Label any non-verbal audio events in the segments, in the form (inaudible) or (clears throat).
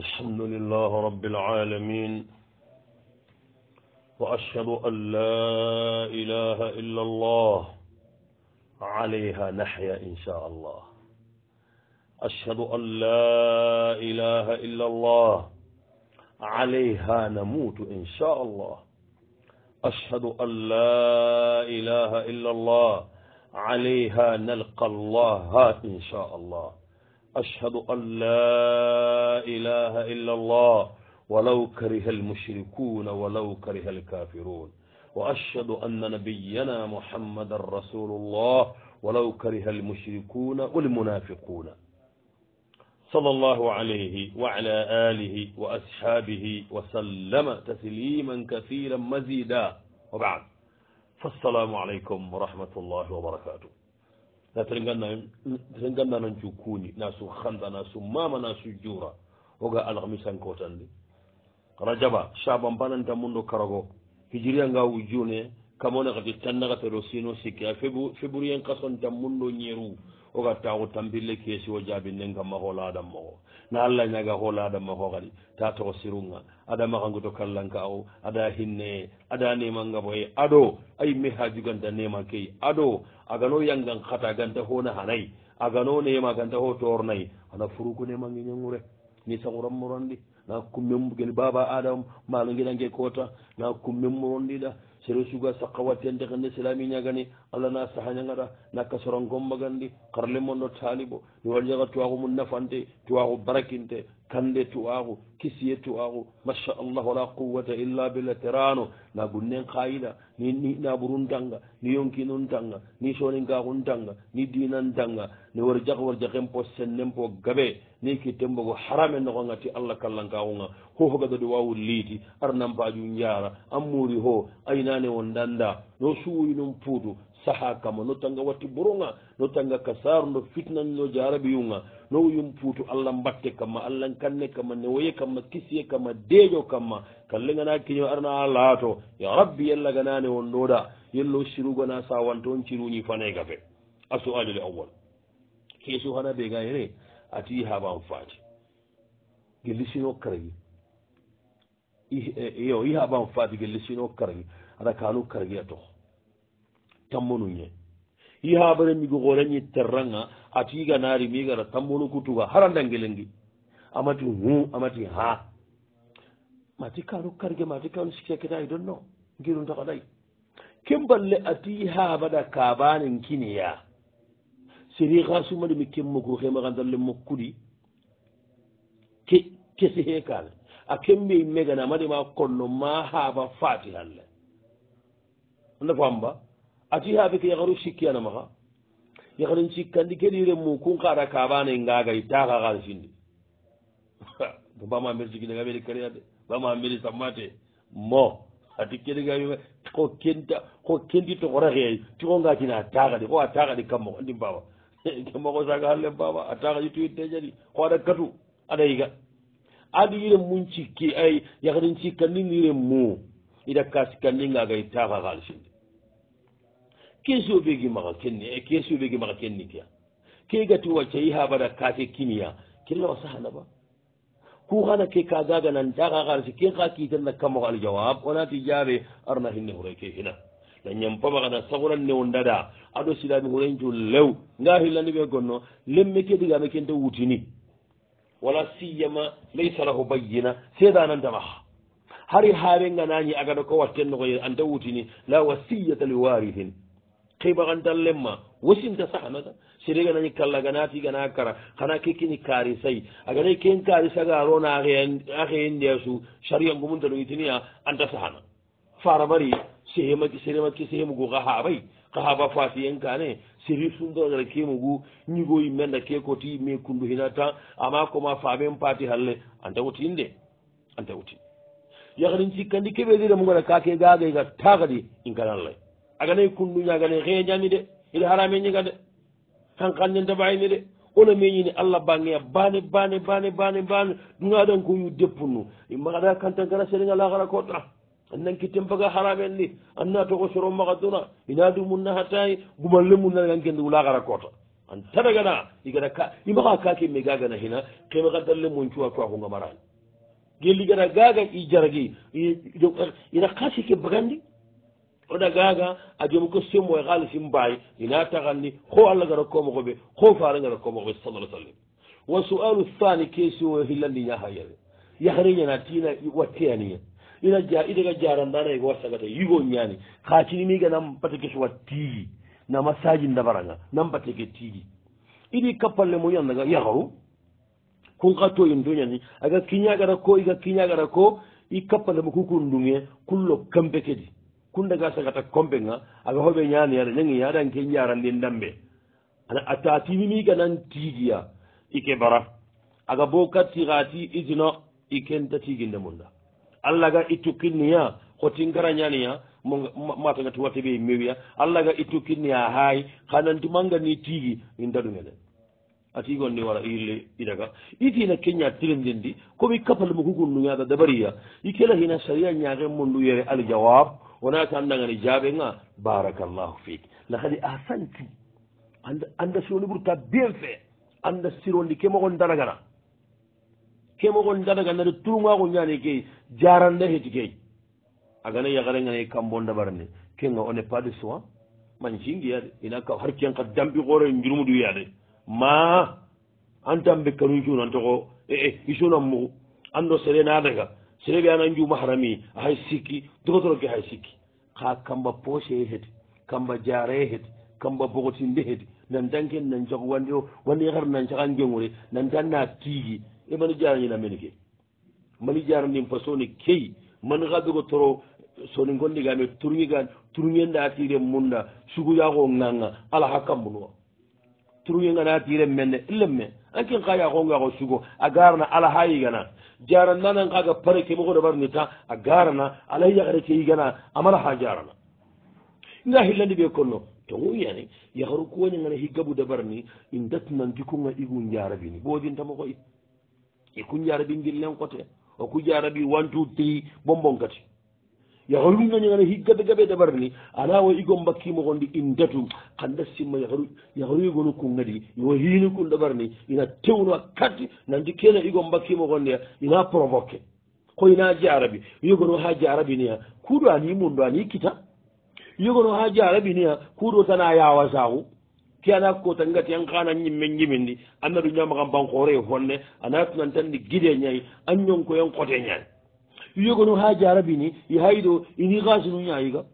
الحمد لله رب العالمين وأشهد أن لا إله إلا الله عليها نحيا إن شاء الله أشهد أن لا إله إلا الله عليها نموت إن شاء الله أشهد أن لا إله إلا الله عليها نلقى الله إن شاء الله أشهد أن لا إله إلا الله ولو كره المشركون ولو كره الكافرون وأشهد أن نبينا محمد رسول الله ولو كره المشركون والمنافقون صلى الله عليه وعلى آله وأصحابه وسلم تسليما كثيرا مزيدا وبعد فالسلام عليكم ورحمة الله وبركاته ga tere ganna tere ganna nan cu kuuñi na su xanta na su mama na su juura wo ga alaxmisankootandi xana jaba chaban bananta mundo karago hijiria nga wu juune kamone xati tannaxa tero sino sikki a feburien xasonta mundo ñeru wo ga taxu tambille keesi wo jaabi nen kam ma xoola adam moxo na allaña ga xoola adam ma xo xadi ta toxo sirunga aɗa magagudo kallanka o aɗa hinne aɗa nemanga boye aɗo ay mi hajuganta nemankeyi aɗo agano yangan hata ganta hona hanayi agano nema ganta ho tornayi ana furuko nemange ñangure ni sagura morondi na kummemgeni baba adam malogiɗange kota na kummemorondiɗa sere suga sakkawattiyandekende silami ñagani allah na saha ñagata nakka soron gommagandi karle mondo taalibo niwaljaga tuwaku mum nafante tuwaku barakinte kande tuwaku kisiye tuwaku macha allah wala quwata illa bilaterano na gunnen kayida ni naburun tanga ni yonkinun tanga ni soninkakun tanga ni dinan tanga ni warjaka warjakenpo sennenpo gabe ni ki tembogo harame nogongati allah kallankawunga ho hogadode wawu liiti ar nampaju jaara an muuri ho aynane won danda no suwuyi non puutu saha kama no tanga watti boronga no tanga ka saaru ndo fitnanno jaarabiyunga no yum puutu allah mbatte kamma allah kanne kamma newoye kamma kisiye kamma deeño kamma kallegana kiño arna a laato ya rabbi yellaganane won ɗoɗa yello sirugana sawanto on ciruñi fanay gafe a sualil awal keesu hana ɓe ga here ati i haaban faati gellisino karagi eh, yo i haaban faati gellisino karagi ada kaanu karagiya toxo tammonu ñe i haabare migi xoorañi terranga ati i ganaari mi gara tammonu kutuga harandangelengi amati hu amati ha mati kaanu karge mati kaanu sikke kedayi don no ngirun taxaday kem balle ati i haabada kaabanen kiniya séri gasumaɗumi kemmogu xemaxandalle mokkuɗi ke kesi hekale a kemme e meganamaɗema konno ma haaba fatihalle anda famba ati haɓe ke yaxaru sikki anamaxa yaxarin sikkandi keɗire mu kun xara kabane ngagay taxa e xalisindi to (laughs) ba ma mbiri sikkinaga ɓeri karia de ba ma mbiri sammate mo ati kediga ko kenta ko kendi toxoraxeay tixo ngakina taxa di xo a taxa di kammoxo andim baba jamma (laughs) ko saaga halle baba a taka yettoyitte jadi ko aɗa katu aɗa yiga adi yiren mum cikki ay yakatin cikkandi niren mu ida ka sikkandinga gay tafa halisinde kesi o ɓegi maka kenni e eh, kesi o ɓegi maka kenni kiya ke gati waccayi ha baɗa kake kiniya kella wa saha naba ku hana ke ka gaga nan taka halisi ke ka kitanna kamoko aljawab onati jaɓe arna hinne horeke hina na ñam pamaxana saxunan newo ndada aɗo silami xurencu lew nga xillani ɓe gonno lemme ke ɗigame kente wutini wala siyama laysa lahu bayina sedanantamaxa hari xaɓengananñi agaɗa ko watten noxoye anta wutini la wa siyata li warihin xibaxanta lemma wasinta saxanata sereganañi kalla gana tigana kara xana ke kini kaari say aganay ken kaari sagaroona axeye ndeesu sariangumunta ɗo itinia anta saxana faramari sehema ki serema ki sehemu gu kahabai kahaba fati en kane seri sundo gara ke mu gu nyigo yi menda ke ko ti me kundu hinata ama ko ma fabe mpati halle anta uti inde anta uti ya gani ci kandi ke bedi mu gara ka ke e ga ga ga ta gadi in kana lai aga ne kundu nya gane re nya mi de ila harame nya gade kan kan nya tabai ni de ona me ni allah bangi bane bane bane bane bane dunada ko yu deppunu imma da kan tan gara seri ngala gara ko ta an nanki tempaga haramenli anna togo soro maga duna ina dumunna hatay gumalle munna gankendi wula gara kota an tanagana igana ka imaga kake me gagana hina kema gadalle mun cuwa cuwa ko ngamaran gelli gana gaga i jaragi ina kasi ke bagandi oda gaga a jomu ko semmo e xaalisi mbaay ina taxanni xo allah gara komoxo ɓe xo fara gara komoxo ɓe sal allah sallim wa sualu thani kesio hillandi ñaha yere yahriñana tina wattiyaniya ina ja idaga jarandana ego wasagata yigo ñani ha cinimiga nam pateke sowa tigi na massaji dabaranga nam pateke tigi idi kappalle mo yannaga yaharu kunka toyin duñani aga kiñagara ko iga kiñagara ko i kappalle mo kukun dunge kullo kampe kedi kundaga sagata kompe nga aga hoɓe ñani ada nangi yadanke jarandi dambe ana atta timimiga nan tigiya ike bara aga bo kattiga ti isino i kenta tiginde munda allah ga ittu kinniya hoti garañaniya matagati wattiɓe mewiya allah ga ittu kinniya haay hananti mangani tigi in daɗumeɗen a tigonni wara ille idaga itina keña tirendendi komi kapal mo kugun nuyada dabariya i kela hina saria ñaken mondu yere aljawab wonata nangani jaɓenga barakallahu fik lahadi a santi anda sironi ɓurta bien fait anda sirondi ke mogon daragana kemogon ndadagandade turumago ñane key jaranda heti key agana yagarengane kambondabarne kenga o n'est pas de soin mancingiyade inaka har kenka dambi xore njurumuduyade ma antambe kanuncuna ntoxo ee isunan mugu ando sere nadaga sere ɓe anan juma harami ahay sikki dogotoro ke hay sikki xa kamba poche heti kamba jaree heti kamba bogotinde heti nantanke nancago wande o wande xar nancagan jengure nantan na tiigi imani jaranina menge mani jaranin fa soni key man xabego toro soni gondigame turgigan turgendatire munna suguyaxo ganga ala ha kammunuwa turgenganatire menne ilemme ankin xa yaxongaxo sugo a garana ala ha yigana jaran nanan xaga pare keɓoxo da barnita a garana ala yaxare ke yigana amala ha jarana nga xillandi ɓe konno tonguyani yaxaru kuwañangana higgabu dabarni in datnan dikunga igu jarabini boodintamoxoy e kuñjaara ɓi ngel len kote o kuñjaara ɓi one two three bonbon kati yahoru gañagana hi gabe gabe dabar ni ala wo igon mbakkimo gondi in datum hannda simma yahoru yahoruygono kun gadi yo hiino kun dabar ni ina tewno kati nandi kena igon mbakkimo gondia ina provoqué ko ina jarabi yogono ha jarabi niya kuuɗo ani mun ɗo ani kita yogono ha jarabi niya kuuɗo tana yawa sahu tiyana kota ngati yan kana ñimme ñimindi annadu ñamakan bankore e honne ana tunantandi guide ñayi an ñonko yan kote ñani yogonu ha jarabini i hayido ini gasinu ñayiga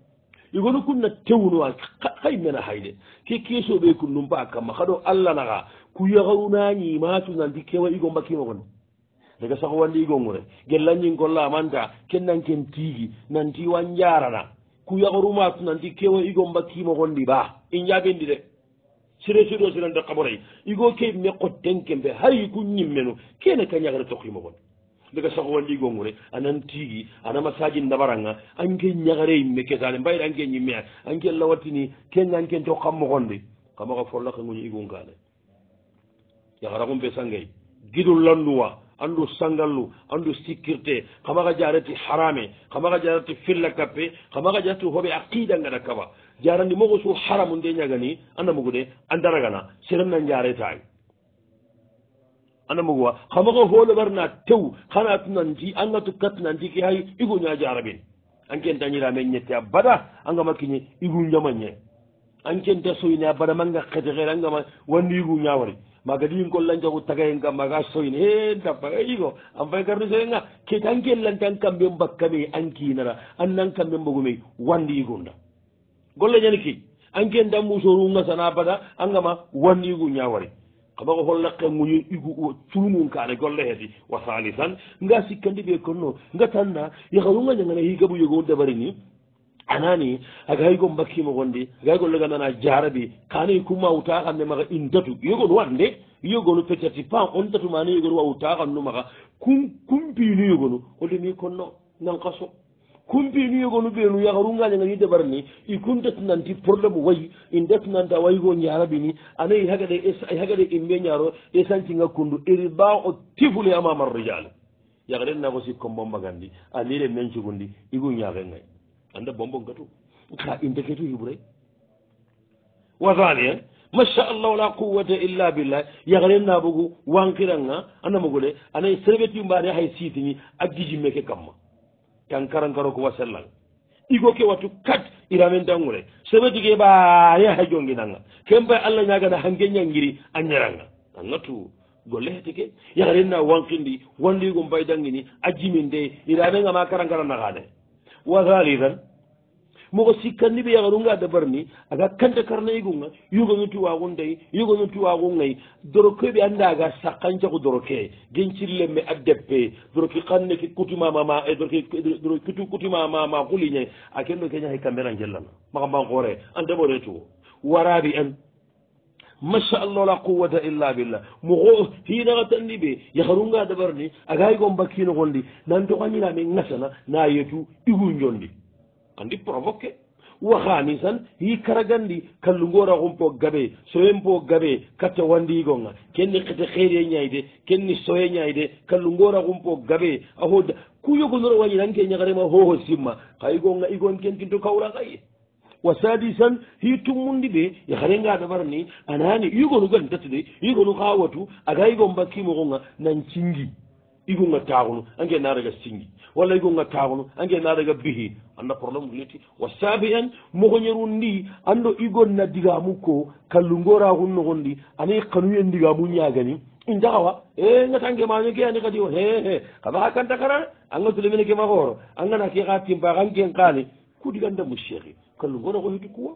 yogonu kunna tewunu a hay mena hayde ke kesoɓe kunnumpa kamma haɗo allah naga ku yahawnañi ma tunanti kewa igo mbakkimogon daga sago wande igongure gellanñin gollamanta kennanken tigi nanti wan jarana ku yahoruma tunanti kewa igo mbakkimogon ndi ba in jabindi de sirosirosirande kaboray igo ke meqo denkembe har yiku ñimmenu kene ka ñagara tokimo gon ndega sagowanligongure anan tigi anamasaji ndabaranga anke ñagarey me kesane mbayre anke ñimme a anke lawatini kenga anke to kammogonde kamaga forlakeguñi igunkane yagaragum be sangay gidul landuwa andu sangallu andu sécurité kamaga jarati harame kamaga jarati filla kappe kamaga jarati hoɓe aqida ngaɗa kaba jarandi mogo su haramu nde ñagani anda mugu de a daragana serenna jaretaay anda mugu wa xamaxo holobarna tew xana tuna ndi anga tu katna ndiki hay iguña jarabin ankenta ñirame ñette a bada angama kiñi igu njamañe ankenta soyine a bada manga xete xeer angama wandi iguñawari maga diin ko lancaku tagayen kam maga soyine he dapaga igo an fay garni soyenga kete anken lanta an kamɓe mbakkame ankinara an nan kamɓe mbogume wandi igunda golle ñani ke an ken dammu soru ngasana bada angama wanniigu ñawari kama ko holla ke nguñu igu culumun kaane golle heti wa salisan nga sikkandi ɓe konno nga tanna yahaunga ñangana higabu yogon dabari ni anani aga haygo mbakkima gonde aga hay golle gandana jarabi kane kumma wutakande maga in datu yogon wande yogonu peccati pan on datumani yogonu wa wutakannu maga kum kumpinu yogonu holdemi konno nankaso kumpi nu yegonu ɓeenu yaharu ngañanga yidde bar ni i kun detnanti probléme wayi in detnanta wayigo ñaraɓi ni anayi hagade e hagade imɓe ñaro e sancinga kundu iri ba o tifule amamar rijale yahaɗen nako si combo mbagandi anire men cugundi igu ñaagengay anda bombon gatu ka indeketu hibrey wasaniye eh? machallahu la quwata illa billah yahaɗen nabugu wankiranga anda mogole anayi serveti mbane hay siitini a gijimeke kamma tankarankaro ko wasellal igo ke wattu kat iramen dangure sebeti ke baya ha jongi nanga ken bay allah ñagana hanke ñangiri a ñaranga annatu golle heti ke yaarenna wankindi wandigo mbay dangini a jiminde iramenga ma karankara naxade wa halitan moko sikkanni ɓe yaharunga dabarni aga kanta karnayigunga yugonuti wagundayi yugonuti wagungayi doroke ɓe anda aga sakkancaku doroke gencirlemme a deppe doroki kanne ki kutimamama eh, doroki eh, kutimamama kuliñayi a kenno keña hay kamɓena jellana makaban koore andaɓore tuwo waraɓi en machallah la quwata illa billah moko hinaka tanni ɓe yaharunga dabarni agayigon bakkino gondi nantokañina min gasana na yetu igu jondi andi provoqué wa hamisan yi karagandi kallungora xumpo gabe soyenpo gabe katta wandigonga kenni xete xeere ñayde kenni soye ñayde kallungora xumpo gabe aho ku yogonora wañiranke ñaxarema hoho simma xay gonga igon ken kinto kawra xaye wa sadisan yi tummundi ɓe yaxarenga ɗabarani anani yigonu gantatude yigonu xa watu aga yigon bakkimoxonga nan cingi igunga taxunu ange naraga singi walla igunga taxunu ange naraga bihi anda probléme leti wa sabian moxoñeru ndi ando igo na digamu ko kallungoraxun noxondi ana xanuye ndigamu ñagani injaxawa e ngatange mañe ke ani xadio he he xabaxa kantakara anga tule mene ke ma xooro angana ke xa timpaxan ken xani ku diganda mu cheikhi kallungoraxo xiti kuwa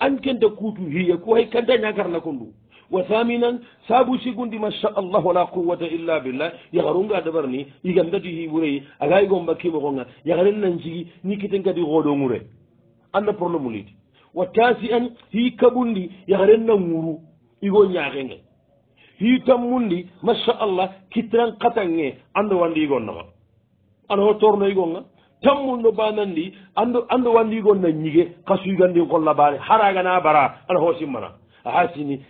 an kente kutu xiye ku xay kanta ñakarna kondu وثامنا سابو سيكون ما شاء الله ولا قوة إلا بالله يغرون قاعدة برني دبرني يغندتي هيبوري أغاي غومبا كيبغونغا يغرن ننجي نيكتنكا دي غودو موري أنا بروبلم ليدي وتاسعا هي كبون دي يغرن نمورو يغو نياغينغي هي تمون دي ما شاء الله كتران قطن قتنغي أندو واندي يغونغا أنا هو تمون دي عند وان دي ando ando wandigon na ñigue kasuygandi golla حراغنا برا أنا هو hoosimmana hasini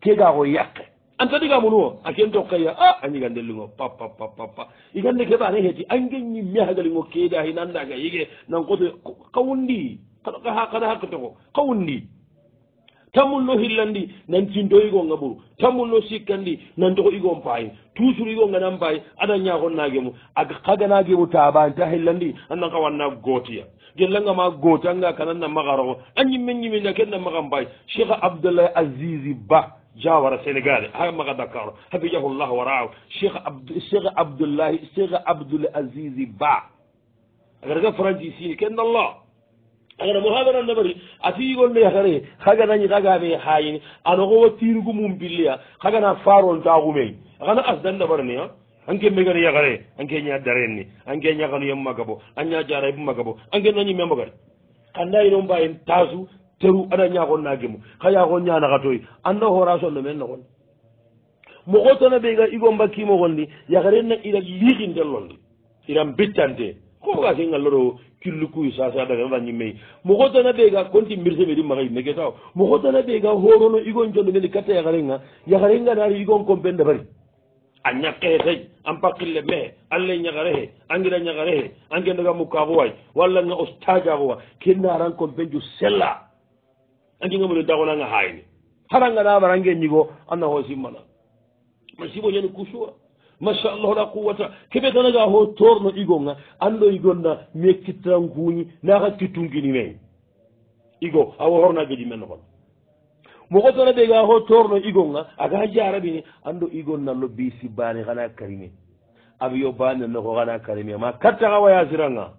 kegako yakke an tadi gamunuo a ken tokka ya a añigandelligo papa papapa igande keɓane heti angeñi mehagalingo keeda hi nandaga yige nan kote kawundi kana hakke toko kawundi tammunno hillandi nan sinto igonga ɓuru tammunno sikkandi nan toko igon paye toujours igonga nan paye aɗa ñagon nagemu a kaganagemu tabanta hillandi annan kawanna gootiya gellanga ma gooti anga kanan na magarago anyi menyi men ken na magam bay cheikh abdallah azizi ba jawara sénégal ha maga dakar hafijahu allah wa ra'ahu cheikh abd cheikh abdullah cheikh abdul azizi ba agar ga franci si ken allah agara muhadara nabari ati yigolle yakare haganañi tagaɓe hayini anoxowa tirugu mum billiya hagana faron taxumey agana asdan nabarani a anke megani yagare anke ña darenni anke ñaganu yem magabo a ña jaray bu magabo anke nañi membagari anda inon mbayen tasu teru ada ñagon nagemu xa yagon ñanaxatoy anna hora sonno men noxon moxo tana ɓega igo mbakkimoxondi yagaren na ira liixintelonɗi iran beccante koga ke ngalloro killukuyi sase adagaa ñimmeyi moxo tana ɓega conti mbirse ɓedi maxayi neke taw moxo tana ɓega horono igon condo ngendi katta yagarenga yagarenga naari igon compen dabari a ñakkee tañ an pakille mehe alla ñakarehe angira ñakarehe angendaga mukafuway walla nga ostajafuwa kinnaaran kon benju sella angingamoni dagonanga hayni haranga nabarange ñigo anna ho simmana ma sibo ñani kusuwa machallahu la quwata keɓe kanaga ho torno igonga anndo igonna mie kittan kuñi naka kittunkini men igo awa horna geji men nokono moko tona ɓe ga ho torno igonga aga jaraɓini ando igon nallo bisi bani xana karime abiyo bani nanoko xana karime ma kattaxa wayasiranga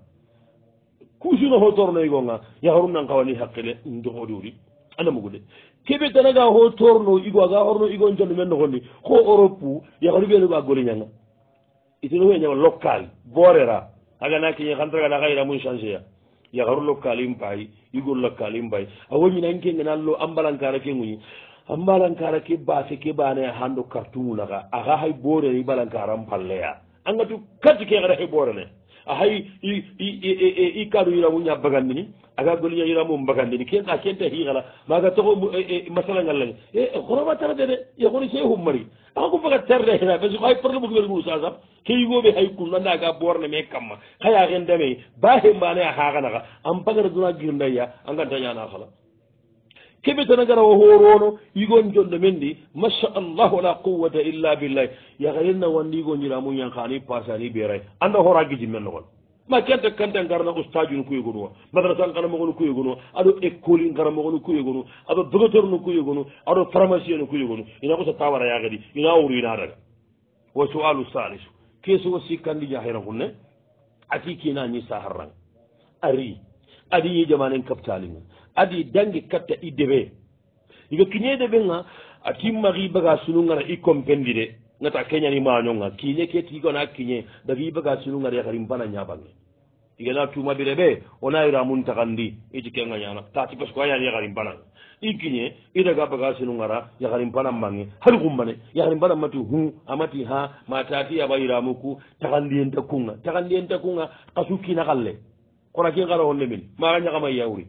kusuno ho torno igonga yaxorum nan kawani haqile ndoxoduri anda mugude keɓe tanaga ho torno igo aga horno igon jandu men noxondi ko europe yaxoru ɓeno ɓa goliñanga itinoxuye ñama local borera aga na kiñe xantaragana xa yiramum changé ya yaharulo kalin bayi yugolla kalin bayi awo ñinan kengenallo anbalankara ke guñi anbalankara ke base ke baneya hando cartumunaka aga hay borene i balankaran palleya angatu katu kengata hay borene ahay i kaaɗo yiramu ña bagandi ni aga golña yiramu bagandi ni kenɗa kenta hiixala maga toxo e, e, masala ngal lang e, e xorama tarde de yexoni se xummari axa ku faga terde xina parce que xay probléme ɓuf wergulu sasam ke yigoɓe xay kun anda ga boorna me kamma xaya xen dame ba xembaanaya xaxanaxa an pagara duna girndaya a ngantañana xala keɓi tana gara o horono yigon jonɗo men ndi macha allahu la quwata illa billah yagarenna wandi yigon jiramum yankani passe ani ɓeeray anda hora gijin men nogon ma kente kante garna ustage nu kuyegonuwa madrasa n garamogonu kuyegonuwa aɗo école garamogonu kuyegonu aɗo docteur nu kuyegonu aɗo pharmacie nu kuyegonu ina usa tawara yagadi ina wuru ina daga wa sualu salisu keso wo sikkandi jahira kunne ati kinañi saharrang ari aɗi ñi jamanen capitali mum adi dangi katta i debe iga kiñede be ga atimma xi baga sunungana i compendi de ngata keñani mañonga kiñe ke tigona kiñe dagi baga sununga yaxarim bana ñabange igana tuma bire be ona yiramun taxandi iti kenga ñana tati parce que añani yaxarim banaga i kiñe i daga baga sinungara yaxarim bana mbange hal xumbane yaxarim bana mati hu amati ha matati aba yiramu ku taxandiyenta kunga taxandiyenta kunga xasu kina xalle xona ke xara honde min maxa ñaxamayya wuri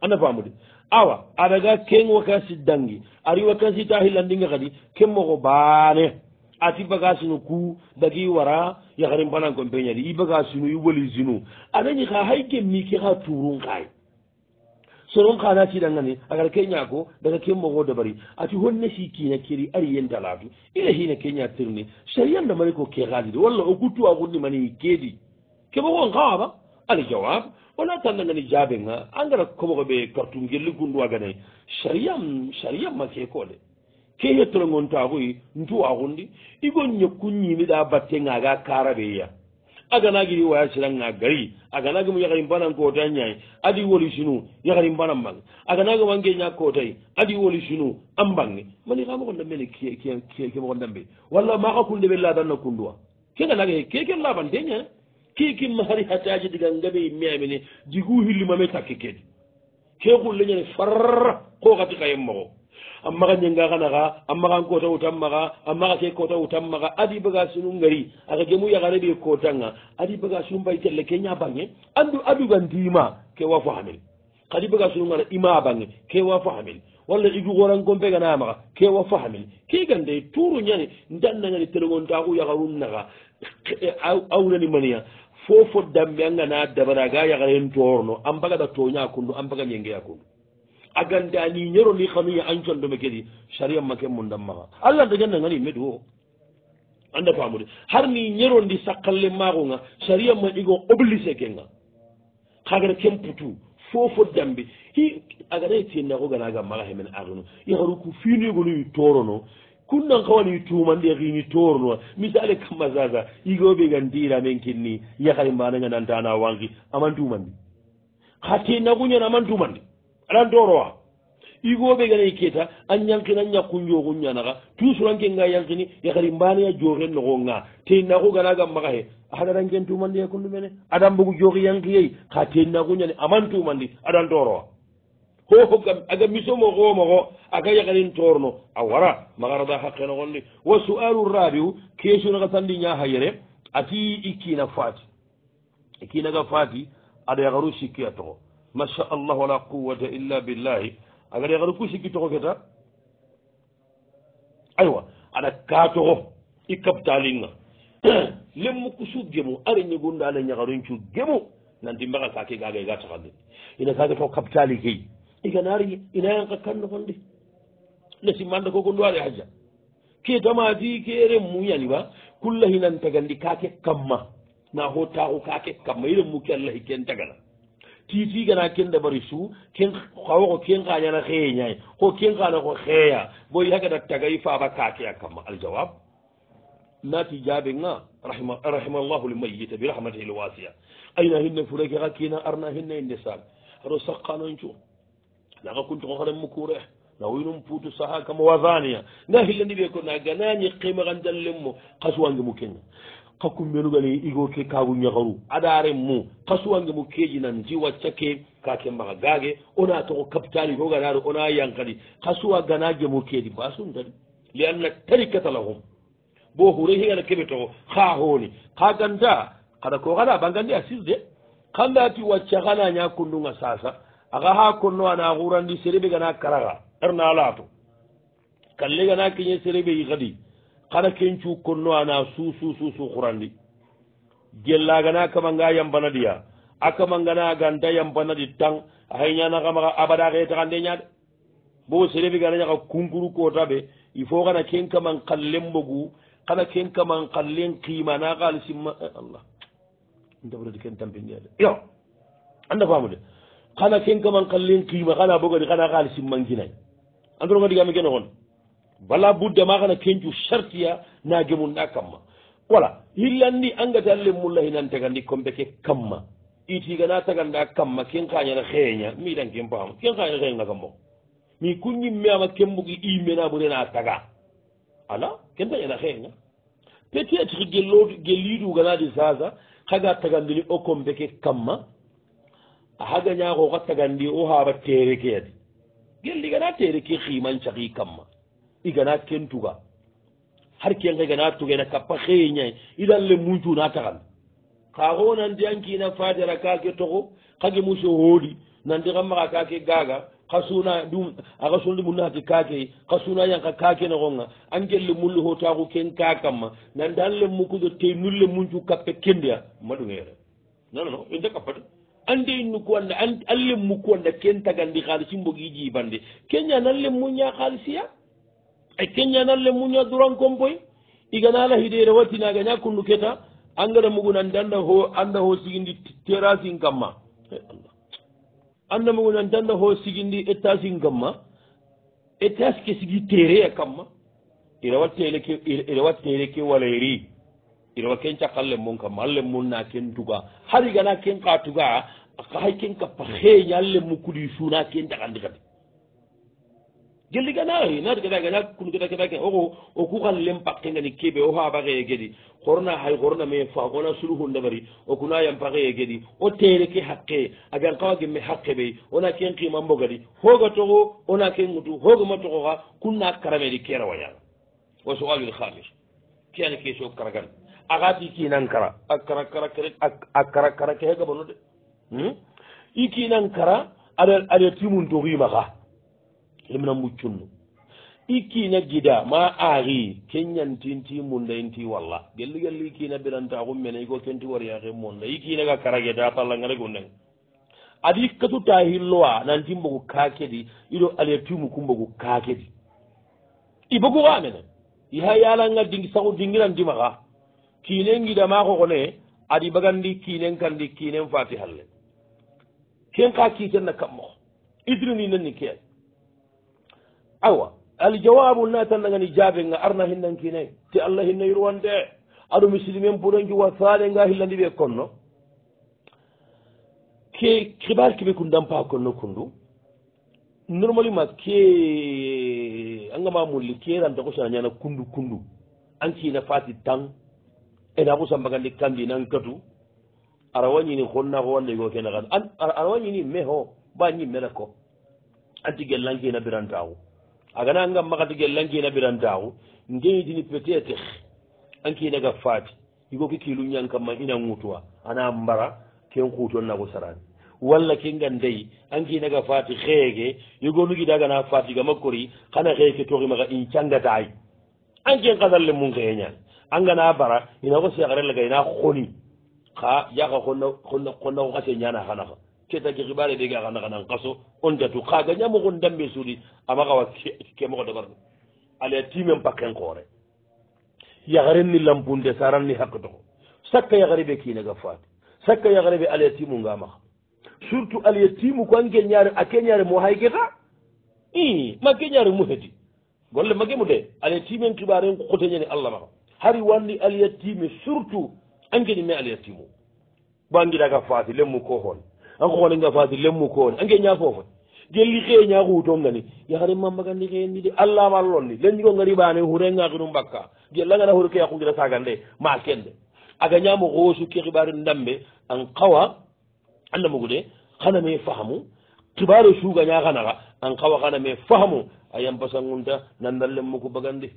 anda faamude awa adaga ken wakansi dangi ari wakansi tahilandinga kadi ken mogo baane ati bagasinu ku dagi wara yakarin banankompeñadi i bagasinu i woli sinu adañi xa hay ke mi ke xa turun xaay soron xana sidangani agara ke ñako daga ke mogo dabari ati honne si kiina keri ari yen talatu ila hina ke ña tirni sharia ndamari ko ke xalide walla o kutuwa xunni mani kedi ke mogon xawaba ali jawab wona tan nagani jaaben ha angara koɓoɓe cartu gelli gunɗu aganayi sariyam sariyam make kode ke hettolo gonto akoy ntuwakundi igo ñokku ñimiɗa batte gaga karaɓeya aganagiɗi waya siranga gari aganagimo yakari banan kootay ñayi adi woli sinu yakari banan bange aganagimangeña kootayi adi woli sinu an bange mani ka mogo dambe ne kemogo dambe walla maka kundeɓe ladanna kunduwa ke ganage ke ken labanteñane kikimma hari hataji digal ngaɓe yimmi amine digu hillimame takke kedi ke gulleñane farra kokati kayemmoko a maxa ñenga xanaxa a maxan kota wutan maxa a maxa ke kota wutan maxa adi bagasinu ngari axa gemu yaxareɓe kotanga adi bagasinu mbay telle ke ña bange andu adugantiima ke wa fo xamel xadi bagasinu ngana ima bange ke wa fo xamel walla igu xorankompe ganaa maxa ke wa fo xamel ke gande touru ñani ndannangani telegontaaku yaxarun naxa awnani maniya fofo dambe an gana dabara ga yagaren torno an baga da tonya kundu an baga yenge ya kundu a ganda ni nyero ni khanu ya an chondo meke di shariyan make mun damma Allah da ganna ngani medu anda fa amuri har ni nyero ndi sakalle mago nga shariyan ma digo obliger kenga khagare kem putu fofo dambe hi agare tin na ko gana ga mara hemen arunu yaruku fini gulu torono kunnon kawani tumande kini tornuwa misale kamma sasa igoɓe gan diramen kinni yakari mbanaga nantana wanki aman tumandi hati naguñana aman tumandi aɗan torowa igoɓe ganai keta an yankina yakkunjogunñanaka tusurankenga yankini yakari mbanaya joken nogo ga te nagu ganagam maka he aɗaɗanken tumandi e kundumene aɗan bugu joki yankiyey ha te naguñani aman tumandi aɗan torowa hohoga aga misomo xoomoxo aga yaxenin toorno a wara maxarada xaqenoxondi wa sualu rabiu kesionaxa sandi ñahayene ati i kiina fati i kiinaga fati aɗa yaxaru sikki a toxo masha allahu ala quwata illa billahi agaɗa yaxaru ku sikki toxo keta aywa aɗa ka toxo i kaptalinga (clears throat) lemmu kusu gemu are ñegunda ale ñaxarun cu gemu nanti mbaxa sake gaga ga taxandi ina kage fo kaptali key iganaari inayan kakkanno fonde nde simmanda ko gonduwaade hajja ke damaati keren muñani ba kulla hinantagandi kaake kamma na hottaako kaake kamma iren mukki allah ken tagana titigana ken dabari su ken kawoko ken kañana xeeñay ko ken e. kana ko xeeya bo yagada tagay faaba kaakea kamma aljawab naati jaabe nga rahimallahu lmayita bi rahmatihi lwasia ayna hinne fureke xa kina arna hinne inde e saabe aɗo saqqanoncuo laga kunti koxonen mukure nawinum putu saha kama wazania nda hilla ndi ɓee ko naganani qima kan dallen mo kasuwange mu kenga ka kumbenugani igo ke kagu ñakaru aɗare mu kasuwange mu keji nan ji wacca ke ka kembaka gaage ona toxo capitali ko ganaro ona yankadi kasuwa ganage mu keedi basum tadi li anna tarikatalahum bo hure hegana keɓe toxo xa hooni xa ganta kada ko xana bangandi a sis de kanga ti wacca xana ña kundunga sasa aga ha konno ana xurandi sérebe gana karaga erna lato kalle gana keñe sérebe yixadi xana kencu konno ana suususuusu xurandi gella gana kamanga yambanadiya a kamangana ganta yambanadi tan axeñanaxamaxa abada xetaxande ñade bogo sérebe gana ñaxa kunkuru kota ɓe il faut xana ken kaman xallen mbogu xana ken kaman xallen qimana xaalisimma eh, allah ndabrdi ken tampindiade yo anda famude xana kenkaman xallen kiima xana bogodi xana xaali simmanginay antoronga digame ke noxon bala budda ma xana kencu chartiya nagemunna kamma wala xillandi angata len mulahinan tagandi compe ke kamma itigana taganda kamma ken xañana xeeña miidan ken paam ken xañana xeeña kammo mi kuñim me ama ken bugi imena ɓurena taga ala ken tañana xeeña peut être gelo gelliduganadi sasa xaga tagandini o compe ke kamma a haga ñaaxooxa tagandi o haaba tereke adi gelli gana tereke xiiman caxi kamma i gana ken tuga har ken xe gana tugena kappa xeye ñay i dan le muncuna taxan xaaxo nandi an kiina fadara kake toxo xage muse hoodi nandi xa maxa kake gaaga xasuna dum axa sundi mun naxati kake xasuna yanxa kake noxonga an gelle mulle hotaxu ken ka kamma nandi an le mukudo te nulle muncu kappe kendi'a maɗungeere nanano inta kappatu andeyinnu ko wanda anlemmu ko wanda ken tagandi haalisi mbogi jibande keñanallemmuña haalisiya e keñanallemmuña duran compoy iganala hidere watinagaña kunnu keta angara mugunandi anda ho anda ho sigindi terasin kamma allah anda mugunandi anda ho sigindi etasin kamma etas ke sigi tereya kamma irawatteleke irawattele ke walayri irawa ken cakalle mun ka malle mun na ken tuga hari gana ken ka tuga aka hay ken ka pahe nyalle mu kudi suna ken takandi kadi gelli gana ay na daga daga na kun gada gada ken oko oku kan lem pakken gani kebe o ha ba ge gedi korna hay korna me fa gona suru hun da bari o kuna yam pa ge gedi o tere ke hakke aga ka wagi me hakke be ona ken ki mambo gadi ho ga to ona ken mutu ho ga mato ga kunna karame di kera waya wa su'alul khamis kiyani ke so karagan akati kinan kara a kara kara ke hegabano de hmm? i kinan kara aɗe timun toximaxa imna muccunnu i kina gida ma axi kenñantin timunda in ti walla gelli gelli i kina biranta xum mene iko kenti wariyaxe monda i kinaga karageda pallangaregundeng adi katuta hilloa nanti mbogu kakedi iɗo aɗe timu ku mbogu kakedi i bogu xa mene iha yalanga dingi sago dinginantimaxa kiinen gida maaxoxone adi bagandi kiinen kandi kiinen fatihalle ken xa kiitenna kam moxo idrini nanni ke ay awa aljawabu na tannangani jaabenga arna hinnan kiine te allah hinna yurwante aɗu misilimen puro juwa saɗenga hillandi ɓe konno ke kibar kiɓe kundanpa konno kundu normalement ke angama mulli ke ranta kosana ñana kundu kundu an kiina fati tan ena xu sambagandi kandi nan katu arawañini xonnaxowallego kenaxan arawañini me xo ba ñimmela ko anti gellankina birantaxu aganangam maxati gellankina birantaxu ngeyidini petete ankinaga faati igoki kiluñankamma ina ŋutuwa ana mbara ken xuton naxu sarani walla kenga ndey ankinaga faati xeege yegonu gidagana faati gamakori xana xeeke toximaxa incangataay anken xasalle mun xeeñan angana bara inako siakarelaga ina koni ha yaka konnako kase ñana hanaha keta ke xibare ɓege hanaha nan kaso on jatu kaga ñamogon dambe suuri ama kawa kemoko dabar alaya timen pakken koore yakaren ni lampunde saran ni hakke toko sakka yakareɓe kinaga fati sakka yakareɓe alaya timu ngamaha surtout alaya timu ko anke ñare a keñare mo hay keta ma keñare mu hedi golle magemu de alaya timen xibaren koteñani allah maha hari wandi alyettimi surtout angeni mi alyettimo bangiɗa ka faati lemmu ko hoon an ko honega faati lemmu ko hoon ange ñafofo gelli xee ñaxuutom gani yaxari mambagandi xee ni de allama lon ni leñigongari ɓaane xurengaxinum ɓakka gellangana xur ke yaqugira sagande ma ken de aga ñamo xoosu ke xibaru ndambe an qawa anda mugu de xaname faxamu xibaru suuga ñaxanaxa an qawa xaname faxamu a yampasangunta nandan lemmuku bagandi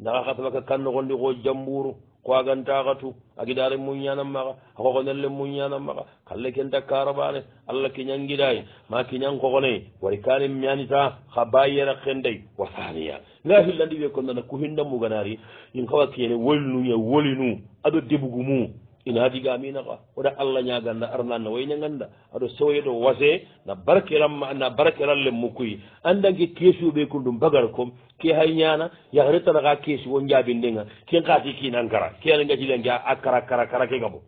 ndaxa xa sabaka kannoxondi xo jamburu ko agantaxatu a giɗare muñana maxa a xoxonelle muñana maxa kalle kenta karabane allah kiñangiɗay ma kiñang xoxone wari kane mianita xa bayera xenday wa saniya nga fillandi we konnana kuhinna muganari in xawa kene wolnu ya wolinu aɗo deɓugumu ina hadiga amina ka oɗa allah ñaganda arna na wayne ganda aɗo sewoyeɗo wase na barkeramma na barkeralle mukkuyi andanke keesuɓe kon ɗum bagar kom ke hay ñana yahretanaka keesu o jabindega ken kati kinankara ke anagacidanke a kara kara kara ke gabo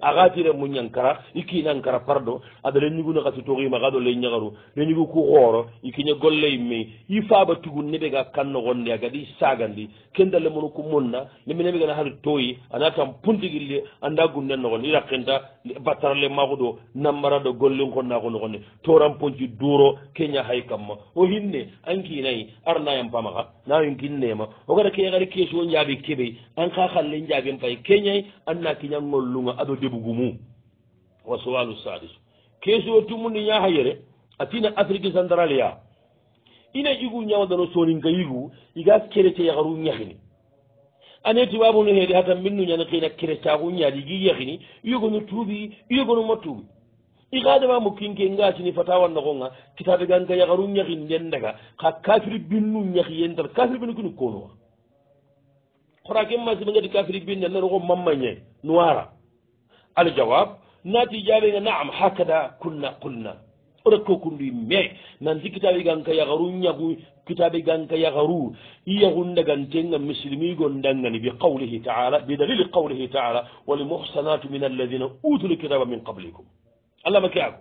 axatire muñankara i kinankara pardon aɗa leñiguna xa sutoxima xa ɗo leñaxaru leñigu ku xooro i kiña golley mei i faaba tugun neɓega kannoxonde a gadi sagandi kenda lemonu ku munna lemi neɓegana hari toyi ana tan puntigilli anda gunne noxon i raqinta battara le maxuɗo nammara ɗo gollin xonnaxu noxonde toran ponci duro keña hay kamma o hinne an kinayi arnayan pamaxa nayun kinneema o gada ke xari kesio jaɓe keɓe an xa xalle jaɓen pay keñayi an na kiña ngollunga aɗo jebugu mum wa sowalu salisu keesoo tumundi ñaaha yere atina afrique central ya ina igu ñawdano soninka yigu iga kerete yaharu ñahini aneti wabunu heedi hata minnu ñana kina kerecaku ñaadi igi yahini iyogono tuubi iyogono ma tuubi ihadama mo kinke ngaasini fatawannogonga kitabe ganka yaharu ñahin nden daga ha kafiri binnu ñahi yentar kafiri binu kini konowa hora ke masibe gadi kafiri binnen nanogo mammañe noara الجواب ناتي نعم هكذا كنا قلنا وركو كندي مي نانزي كتابي غانكا يغرو نيغو كتابي غانكا يغرو يغون دغانتين مسلمي غوندان قوله تعالى بدليل قوله تعالى والمحصنات من الذين اوتوا الكتاب من قبلكم الله مكياكو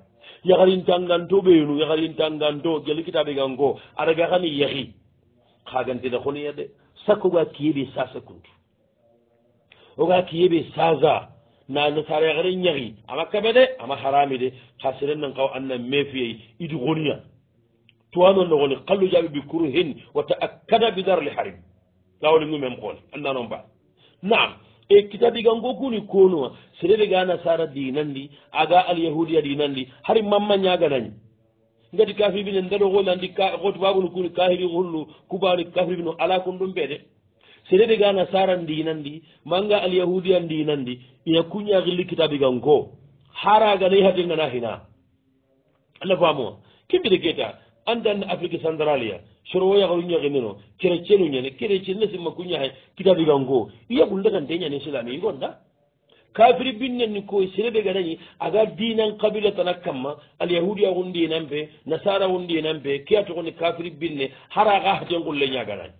yagarin tanganto ɓeenu تو tanganto كتابي kitaɓe كو aɗa gagani yahi kagantida honiya de sakko ga kiyeɓe كيبي kuntu oga كيبي سازا nanu sareere ñahi ama kebe de ama harami de ha seren nan kaw anna mefiye idi goniya tuwano nogoni kallu jaɓi bi kuruhin wa taakada bi darli harim lawoli ngumem kole annanon ba naam e kita digango kuni konuwa serede ga nasara dinandi aga alyahudiya dinandi hari mamma ñaganañi ngati kafribine ndaɗo gonandi ka, hoto babunu kuni kahiri hollu kubani kafribino ala kon ɗum ɓe de serede ga nasara ndi nandi manga alyahudia ndi nandi ina kuñagilli kitabi ganko haragana yihatengana hina alla famuwa kembide keta andanna afrique centralia soroyaharuñahinino crétien uñane crétien nasimma kuñahe kitabi ganko iyagundagante ñane silami igonda kafiri binnenni koy serebe gadañi aga dinan kabila tana kamma alyahudia hun dinan pe nasara hun dinan pe keya togoni kafiri binne haraga haten gulle ñaganañi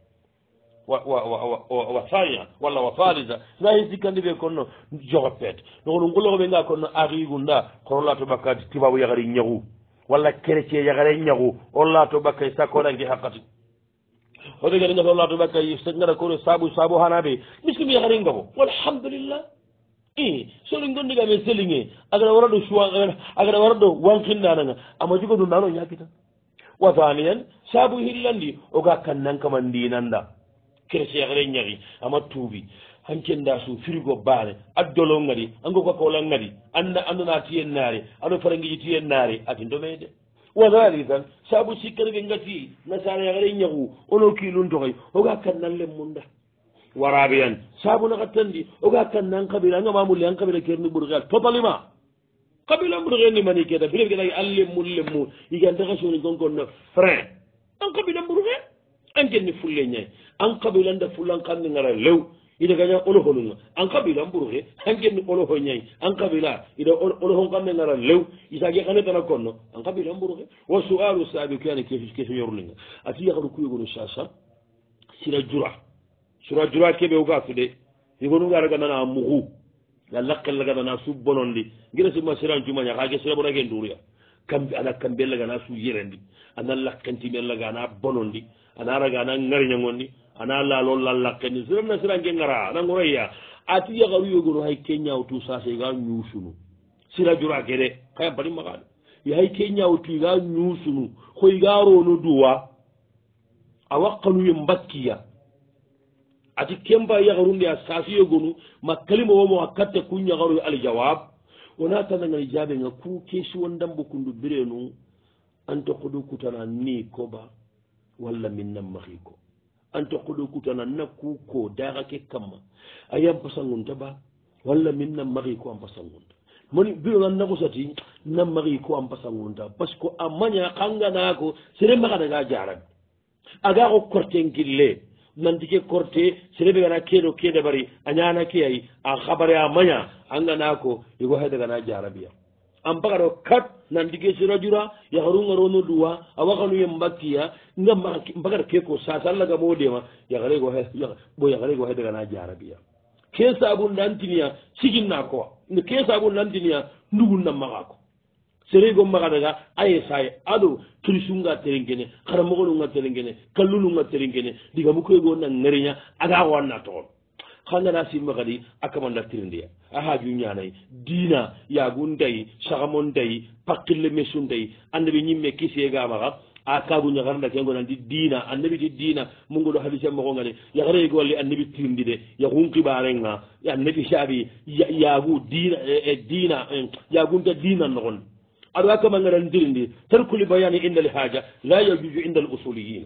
wa saria walla wa falisa nda hen sikkandi ɓe konno jogo peete nokono ngolokoɓe nga konno arigu nda kono laato ɓakkaji tibabu yakari ñagu walla chrétien yakare ñagu on laato ɓakkay sakkoɗangi hakkati oɓe gari gata o laato ɓakkay gara kono saabu saabu hanaɓe miskomi yakari ngabo alhamdulillah i soɗo gondiga men selinge agaɗa wara ɗo suwan agaɗa wara ɗo wankinnananga amma jogo ɗum nano ñakitan wa faniyan saabu hillandi oga kannankaman ndinanda kereseere ñari ama tuubi han kennda su firigo baane addolo ngadi ango ko kawla ngadi anna andana tiyen naari aɗo farangiji tiyen naari atinto meyde wadalikan saabu sikkanege ngati nasareere ñaku ono kiluntoxoy oga kannan len munda waraɓe an saabu naxattandi oga kannan kabila anga mamulle an kabila kerni ɓurgeal totalima kabila ɓurgeni mani keta bilef geɗa allenmu lenmu igantaxa soni gonkonno frein an kabila ɓurgen anjenni fulle ñay an kabila nda fullan kanni ngara lew ida gaña olohonunga an kabila n ɓuruxe anjenni oloho ñay an kabila ida olohon kanni ngara lew isage xanetana konno an kabila n ɓuruxe wa sualu saabi kuyani kefe ñoruninga ati yaxaru kuyegonu sasa sira jura sura jura keɓe uga sude yegonunga ragandana a muxu la laqel lagandana su bonondi ngira sima siran cumaña xake sira bonake nduruya kam ana kambe lagana su yerendi ana laqentimen lagana bonondi ana araga anan ngariñagonni ana laalo lallakkenni sirana sirange ngara anangoroya ati yakaru yogono hay ke ñawtu sase ga ñuusunu sira jura gede kaya bani magaɗo ye hay ke ñawtu ga ñuusunu koy ga rono duwa a wakkanu ye mbakkiya ati kemba yakarunde a sase yogonu ma kalima womo a katte ku ñakaru ye aljawab wona tanangani jaɓe nga ku kesi wondambo kundu birenu antokodo kutana ni koba walla min nan mahi ko anto koɗo kutana nakku ko daarake kamma ayi an pasangunta ba walla min nan mahi ko an pasangunta moni biyogan nagusati nan mahi ko an pasangunta par ce que a maña kanganaako sere maganaga jarat aga ko korten gille nanti ke korte serebe gana keno kede bari a ñana ke ay a habare a maña angana ko yigo haydagana jarabiya an baga ɗo kat nandige sirajura yaharungarono duwa a wakanu yen bakkiya nga mbagata keko sasa allah gamo dema yagarego bo yagarego hay daga na jarabiya ke sabun nantiniya siginna koa nde ke sabun nantiniya ndugunnan maga ko serego maga daga aye saye ado trisunga terengene haramogolunga terengene kallunuga terengene digamukoygo na ngariya aga wanna toono hangana simma kadi akaman lattirindiya a haaju ñanayi diina yaagu ndayi sahamon ndayi pakkille mesu ndayi annabi ñimme kisiyegamaxa a kaagu ñagaranda ke gonandi diina annabi ti diina mungoɗo hadisa moxonga de yaxareyge walle annabi tirindi de yaxun xibarenga annabi saabi yaagu diina diina yaagunta diina noxondi aɗo a kamangara ndirindi tarkuli bayani inda alhaja la yajuju inda alusuliyina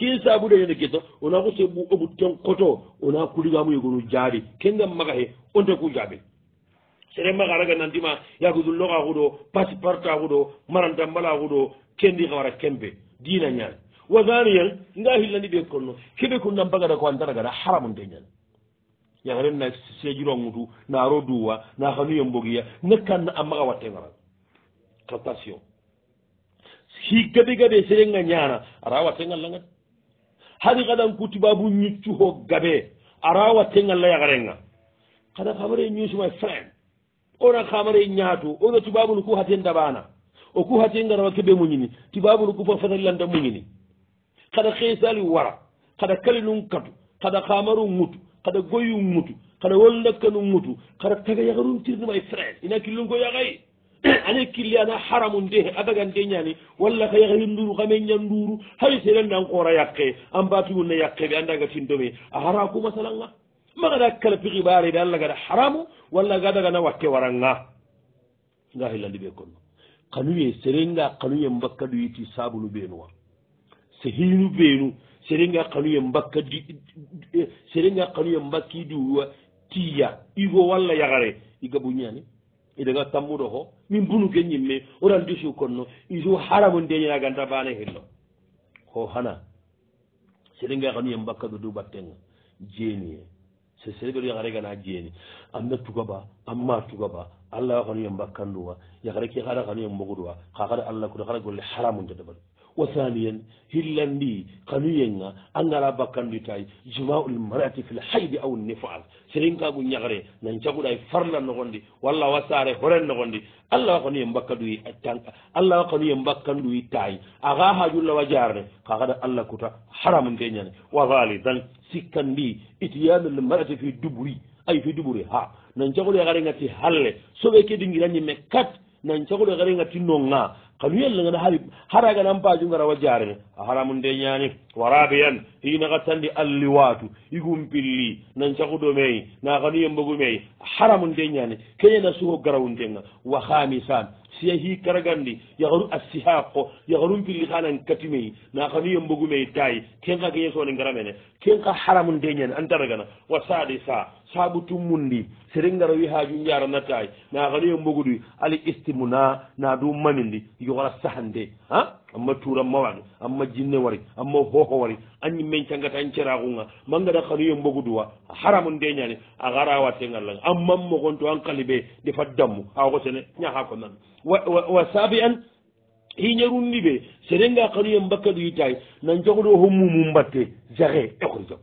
kin sabude yende kesa wona ko sebu obu ten koto wona kuligamu yegonu jaari kengam maga he onte ku jaabe sere maga raga nandima yagudu loga xudo passe parta xudo maranta mbala xudo kendi xawara kembe dina ñaan wa daniel nga xillandi ɓe konno keɓe kunna mbagada ko anta ragada haramunte ñaan yagaren na sejiro ŋutu naro duwa na xanu ye mbogiya nakkanna a maga wattengara attention xi gabe gabe serenga ñaana ara wattengal langat hani kadan kuti babu ñiccu ho gabe ara wattenga layakarenga kada kamare ñuusuma fren ona kamare ñaatu ono tibabunu ku haten dabana o ku hatenga rawa kebe muñini tibabunu ku fa fatalilanda muñini kada xeesali wara kada kalinun katu kada kamaru mutu kada goyu mutu kada wolndakkanu mutu kada taga yakarun tirnuma frane ina killunko yakay (clears throat) ane killi ana haramu ndehe abagande ñani walla ka yahri nduru kame ñanduru hay seɗandan koora yakke an batiunna yakkeɓe andaga tindomi a hara ku masalanga magaɗa kala pixi ɓareɓe allah gaɗa haramu walla ga adagana wakke waranga nga hillandi ɓe konno kanuye serenga kanuye mbakka ɗoyiti sabulu ɓenuwa se hinu ɓenu serenga kanuye mbakka di serenga kanuye mbakki diwa tiya igo walla yagare igabuñani idaga tammuɗo ho min bunu geñimmi oran disiw konno isu haramu deñinaganta bane hillo ho hana seɗenga kanu yem bakka do duw battenga jeeniye so seɗegaɗo yakaregana jeeni anna tugaba amma tugaba allah wa kanu yem bakkanduwa yakareki haɗa kanu yem bogoduwa ha kada allah kuɗa kada golle haramu ndedabaɗu wa thaniyan hillandi kanuyenga a ngara bakkanditay jumaul marati fil haydi aw nifal serinkagu ñagre nan caguɗay farla nogondi walla wasare horen nogondi allah wakanuye bakkaduyi tanka allah wakanuye bakkanduyi tay aga hajullawa jarne kakada allah kuta haramu ndeñane wavalidan sikkandi itiyanul marati fi duburi ay fi duburi ha nan caguɗe garengati halle soɓe kedi ngiranñime kat nan caguɗe garengati nonga kanu yalla ngana hari haragana mbaju ngara wa jarene a haramu nde ñani warabiyan hinaka tandi alli watu igumpilli nan cakudomeyi na kanu yembogumeyi haramu nde ñani keñana suho garawundenga wa hamisan siya hii karagandi yahoru a sihaqo yahorum pirli xanan katimeyi naxanu ye mbogumeyi tayi kenxa ke yesoni ngaramene kenxa haramu ndeñani antaragana wa sadi sa sabutummundi serengarawi haju njarana tayi naxanu ye mbogudi ali istimuna nadu mamindi yoxora sahande a ah? amma turanmawaɗo amma jinne wari amma hoho wari anñi men cangata an ceragunga mangada xanuye mbogu duwa haramu ndeñani agara watte ngallaga amma mogonto an kalibe nde fat dammu awoko sene ñaha ko nan wa safi an hiñarundi ɓe senenga xanuye mbakka du yitay nan cogoɗo ho mumu mbatte jaxe ekoy jam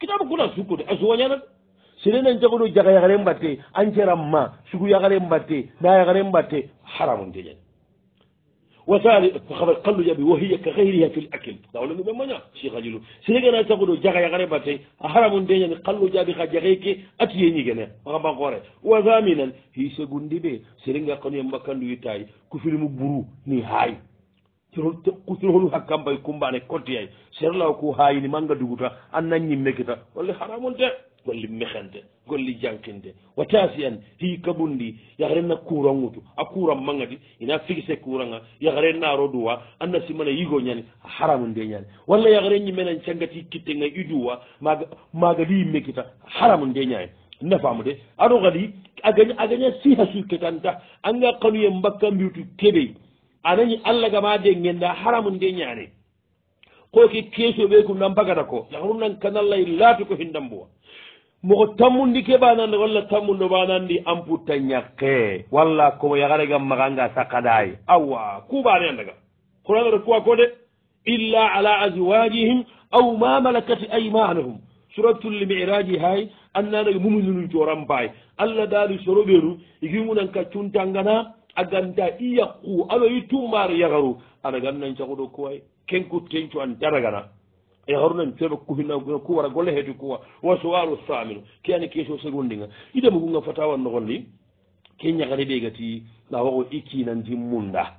kitabu kuna sukkude a suwañanat sene nan cogoɗo jaxe yaxare mbatte an ceramma sugu yaxare mbatte nda yaxare mbatte haramu ndeñani qallu yaɓi wahiya ka gayriha fi l acle dawlenu ɓe maña cheikh alilu sinegana taguɗo jagayagare batay a haramum deñani qallu jaɓi ka jagayke atiye ñiguene agabankore wa zaminan hisagundi ɓe serenga kanuye mbakkandu yitay kufirimu buru ni haay kutirolu hakkambay kumbane kottiyay serlaw ku hayini manga duguta annan ñimmekita walla haramum te golli mexente golli jankinde wa tasian hii kaɓundi yaxarena courangutu a cura magadi ina fixe couranga yaxare naro duwa anna simana yigo ñani a xaramunde ñani walla yaxare ñimena cangati kittenga i duwa maga maga di yimmekita xaramunde ñani nafamu de aɗo xadi a gaña sihasu ketanta anga xanuye mbakka mbiutu keɓey anañi allagama de ngenda xaramunde ñani koke kesoɓe ku nampagata ko yaxarunan kanallay laatu ko hindambuwa moko tammundi ke banandi walla tammundo banandi amputa ñakke walla komo yakaregam maganga sakkadayi awa kubane andaga kuranoto kuwa ko de illa ala aswajihim aw ma malakati aymanuhum suratulli miraji hay annanage muminunu coran bay allah dali soroɓenu igimunan kaccuntangana a ganta i yakku aloyi tummaro yakaru aɗa gannan cakoɗo kuway kenkutten co an taragana e horno mi feeɓa kuhina kuwara golle heedi kuwa wa sowalu samino keani keso segondiga idemo gunga fata wa nogon ndi ke ñagari ɓe gati na wago ikinandi munda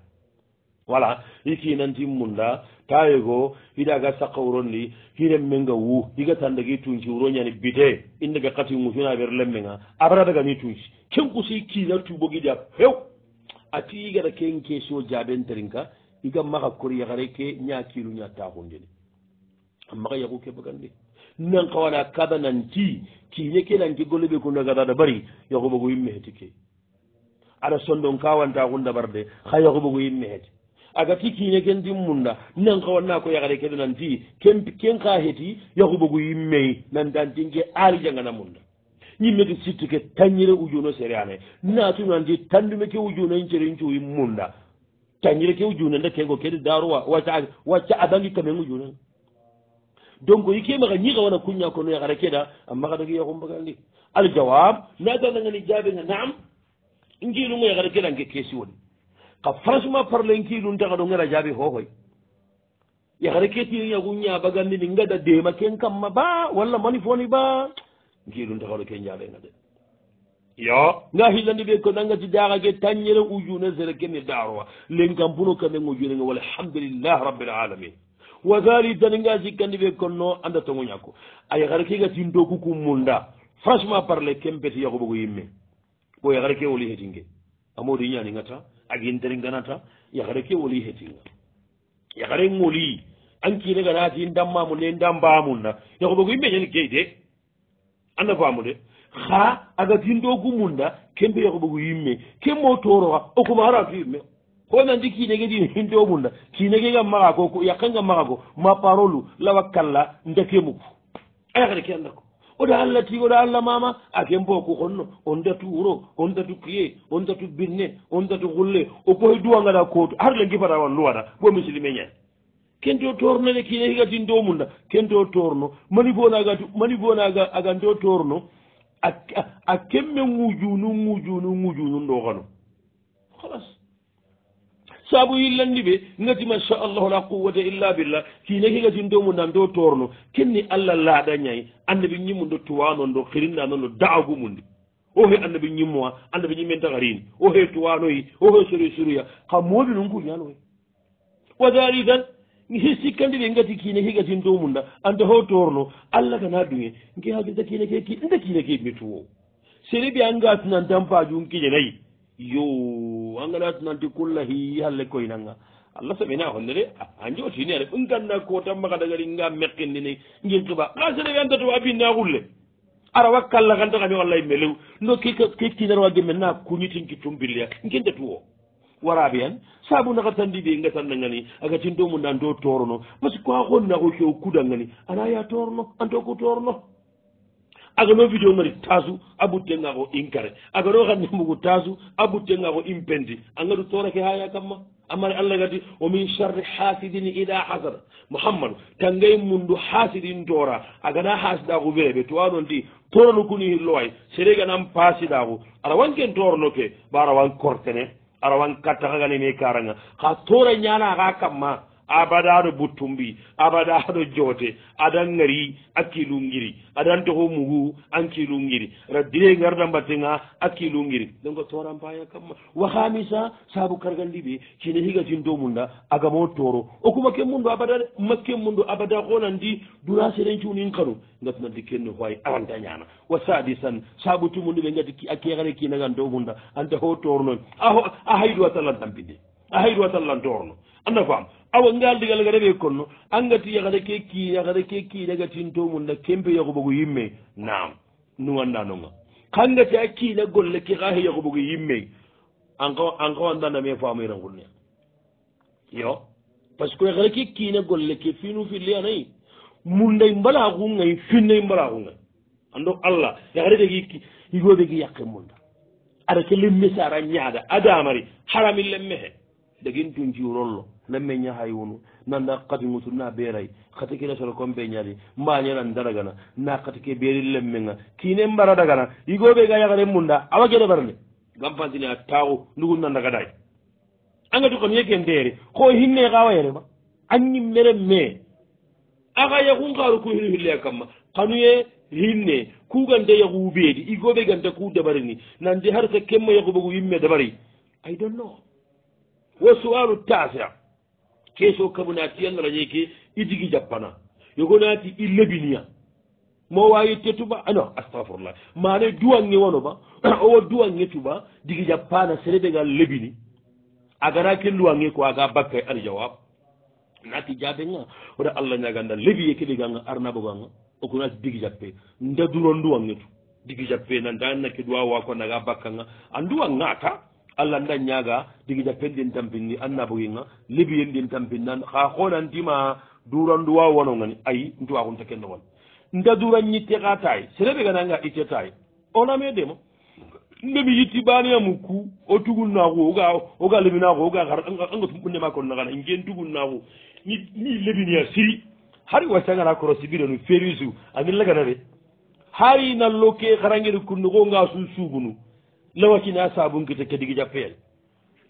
voilà ikinandi munda tawi go iɗaga sakka wuron ndi hiren menga wu igatandagi tunci wuro ñani bide indaga kati ŋusunaɓer lemmega abaradagani tunci ken kusi kina tuɓogiɗi a few ati igata ken keso jaɓenterinka iga maga kori yagare ke ña kilu ña tahundini a maxa yaxu ke bagandi nan xawana kaba nanti kiine ke nanti golleɓe ku nagatata bari yaxu ɓogu yim mexeti ke aɗa sondong kawanta xu ndabar de xa yaxu ɓogu yim mexet agati kiine ken tim munda nan xawanna ko yaxare kede nanti ken xa heti yaxu ɓogu yim mey nantantinke ari jangana munda ñimmeke sittuke tañire ujuno sereane natu nanti tandume ke ujuno in cere ncuyi munda tañire ke ujunenda kengo kede daruwa wacca abangi kamen ujunenga donc yi ke maxa ñiga wana kuña kono yaxara keda a maxadagi yaxumbagangi aljawab natanangani jaabenga naam nkiinunga yaxara keda nke keesi woni xa francement parle nkiinun taxa ɗo ngara jaabi xooxoy yaxara ketiin yaxu ñabagandini ngada deema ken kamma ba walla manifoni ba nkiinun taxa ɗo ke jaabenga de yo nga xilandi ɓe ko nangati daxage tañere ujune sere kene daroa lenkampuno kamen ujunenga walhamdulillah rabilalamin wagaari daninga sikkandi ɓe konno anda tongoñako a yahara ke gatin doku ku munda franchement parle kempeti yahuɓogo yimme bo yahara ke woli hetinge amodi ñaningata agintaringanata yahara ke woli hetinga yahare ŋoli ankine ganati ndammamu ne ndambamunna yahuɓogo yimme ñani keyde anda famude xa agatin doku munda kempe yahuɓogo yimme ke mo toroxa okumaratu yimme ko nandi kiinege ɗi hinde o munna kiinege gam maga ko ko yakkanga maga ko ma parole u lawa kalla ndake mug ayakade ke anda ko oɗo allah ti oɗo allah mama aken boku honno on datu wuro on datu pie on datu binne on datu gulle o koye duwangaɗa kootu harle gifata wan luwata bo musilime ñan kento tornede kiinege gatin do munna kento torno mani bonaga mani bonaga agando torno a kemme ŋujunu ŋujunu ŋujunu ɗo gano halas saabu yillanndi ɓe ngati machallahu la quwata illa billah kiine ki ngatin do mum nande o torno kenni allah laaɗa ñayi annda ɓe ñimmu ndo tuwa noon ɗo xirinna noon no daagu mum ndi o he annda ɓe ñimmowa annda ɓe ñimmen taka riin o he tuwanoyi o he soroy soroya ha mooɓi noon kuñan oy wa dalican hi sikkandi ɓe ngati kiine ki ngatin do mum nda annda ho torno allah kana duye nge hagirta kiine ke ki nda kiine ke mbi tuwo seri ɓe an ngatinan dampajum kiñe nayi yoo angalati nanti kulla hi halle koynanga allah sabina hollere a jootini are ɓen ganna kota makadagari nga mekkindini ngir kiba ka sene wi andato wa binna kulle ara wakkalla kanta kami wallay melew no ke kinarwa gemen na kuñitin kittum billeya ngendatu o warabe an saabu naka sandiɓe nga sandangani aga tin to mu nan to torono par ce que a xonna ko kew kudangani ana ya torono anto ko torono agano video ngani tasu a ɓuttengako inkare agano xa nembugu tasu a ɓuttengako impendi angadu toreke haya kamma amari allah gati wo min sharri hasidin ida hasada mouhammadou tangay mundu hasidin tora agana hasidaku vireɓe towanonti torono kuni hilloway sere ganan pasidaku arawan ken torono ke ba arawan kortene arawan kattaxaganine karanga xa tora ñanaxa kamma abadaɗo buttumbi abadaɗo joote aɗan ngari akkilungiri aɗan toho mugu ankilungiri aɗa dire garda mbatenga akkilungiri donc torampaya kamma wahami sa saabu kargal liɓe cine higatin domunda agamo toro o kuma ke mundu abada makke mundu abada honandi dura seren cunin kanu gatunadi kenno howay aranta ñana wa sadisan saabu timundu ɓe gati a kexane kinagan domunda antaho tornoy a hayduwa tallan tampinde a hayduwa tallan torno anda faam awa ngaaldigal ga rebe konno angati yakhada ke kii yakhada ke kii daga tinto mun da kempe yakhubugu yimme naam nu wanda no nga kangati a kii da golle ki khahi yakhubugu yimme anko anko wanda na me faamu ran gulne yo parce que yakhada ke kii na golle ki finu filli anai mun dai mbala ku ngai finnai mbala ku ngai ando allah yakhada ke kii yigo be gi yakhe mun da ada ke limmi sara nyaada adamari haramil lemme he dagin tunji rollo lamme ñahaywunu nanda katiŋutu na ɓeeray kati kila soro komɓe ñaali mbañanan daragana na kati ke ɓeeri lemmenga kiine mbara dagana yigoɓe ga yagaren munda awa gede barale gam fansini a taxu ndugun nandagaday angati kon yekenteere ko hinne kawayerema añim mere me aka yakunkaaru ku hinu hille a kamma kanuye hinne kugante yaku ɓeedi igoɓe gante ku dabarini nandi har sa kemma yakuɓogu yimme dabari i don no wo sualu tasia keso kamu naati yal rañeke i digi jappana yogo naati i lebiniya mo wawi tetuba ano astahfirullah mana duwange wonoba (clears throat) owo duwange tuba digi jappana sereɓegal lebini agana kelluwange ko aga bakka ani jawab naati jaabenga oɗa allah ñaganda lebi ye keɓeganga arnabo ganga oko naati digi jappe nda duron duwange tu digi jappe nanda nake duwawa ko naga bakkanga anduwangata allah ndañ ñaaga digi ja pendin tampinni annabogiga libiyen ɗin tampinnan xa xonantima duranndu waw wonongani ay ntuwaxunta kendoxon nda duran ñitte xa taay sereɓe gananga itte taay oname dema ndemi yitti baneyamu ku o tugun naaxu oga oga leminaaxu oga xar a nga tumɓu ndema kon naxana ngen tugun naaxu ni ni lebinia siri xari wasangana koro sibiranu ferisu anin lagana de xari nallo ke xarangeri kunduxo nga su suugunu lawatina sabunkita kadigi jappeyel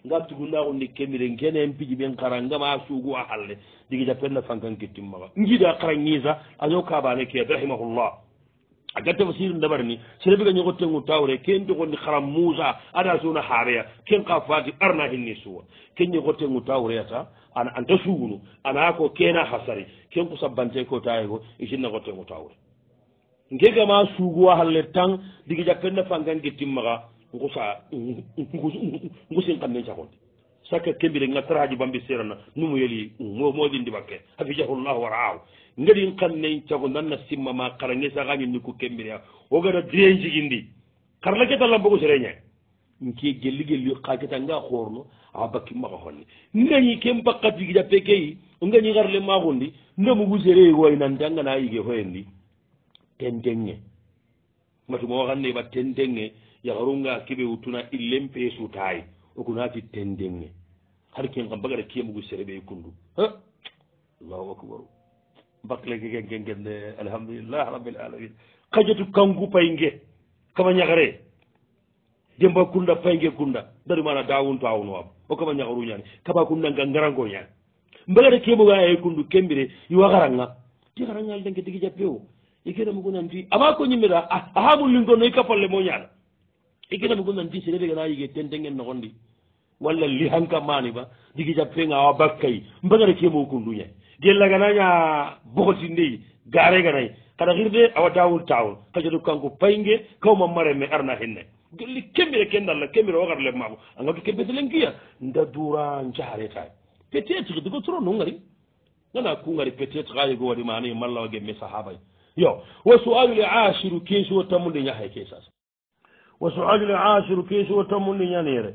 ngartugunaaxunni kemire kenen piji ɓen xara ngama suugu a halle digi jappen na fankan kettin maxa njida xara ñisa ayo kabane ke rahimahullah a gatta fasiri ndabar ni serebiga ñoxottengu tawre ken doxondi xara musa ada suna xareya ken xa fati arna hinni suwa ken ñoxottengu tawreyata an anta sugunu ana ko kena xa sari ken ku sabbante ko tayeko isin naxottengu tawre nke gama suugu a halle tan digi jappen na fankan kettin maxa gusa gusin kamme cakondi sakke kembire nga taraji bambi serana numu yeli mo modindi bakke hafijahu llahu wa raahu ngadin kamme cago nanna simma ma kara nge sagañi ni ku kembire a o gada dien jigindi kar la ketal lambogu sereñe nke gelli gelli xa keta nga xoorno a bakki maxa xonni ngañi kem bakka tigida pekeyi ngañi ngar le maxundi ndamugu sereyi hoynante a ngana yige hoyendi ten tenge matumoxanne ba ten tenge yahrunga kiɓe wutuna illen peesutaye okunaati tendenge har ken kam bagara kiyemugu sereɓey kundu allahu akbar baklegegegegede alhamdulillah rabbil alamin kajatu kangu payge kama ñagare demba kunda payge kunda daru mana dawuntu awnuwam o kama ñagaru ñani kaba kundanga garango ñani mbagara kiyemuga aye kundu kembire yowagaranga ti garaŋalidanke digi jappewo ikenamugunanti ama ko ñimmeta ah, ahamullingonno i kapalle mo ñana igina mi gonnanti sereɓega nayige tentengen nogondi walla li hanka mani ba digi jappenga awa bakkay mbagara kemo kunduñay gellaganaña bogoti ndeyi gareganayi kada xirde awa dawol tawol kacatu kanko payge kawma mareme arna henne golli kembire kendalla kembire wogar le mago angatu kebetelenkiya nda dura jareta peut être dogo tro no ngari ngana kungari peut être xayego waɗi mani mallawa gemme sahabay yo wa sualul ashiru kesiwo tammude ñahay kesas wo sohajle asiru keesiwo tammundi ñaniire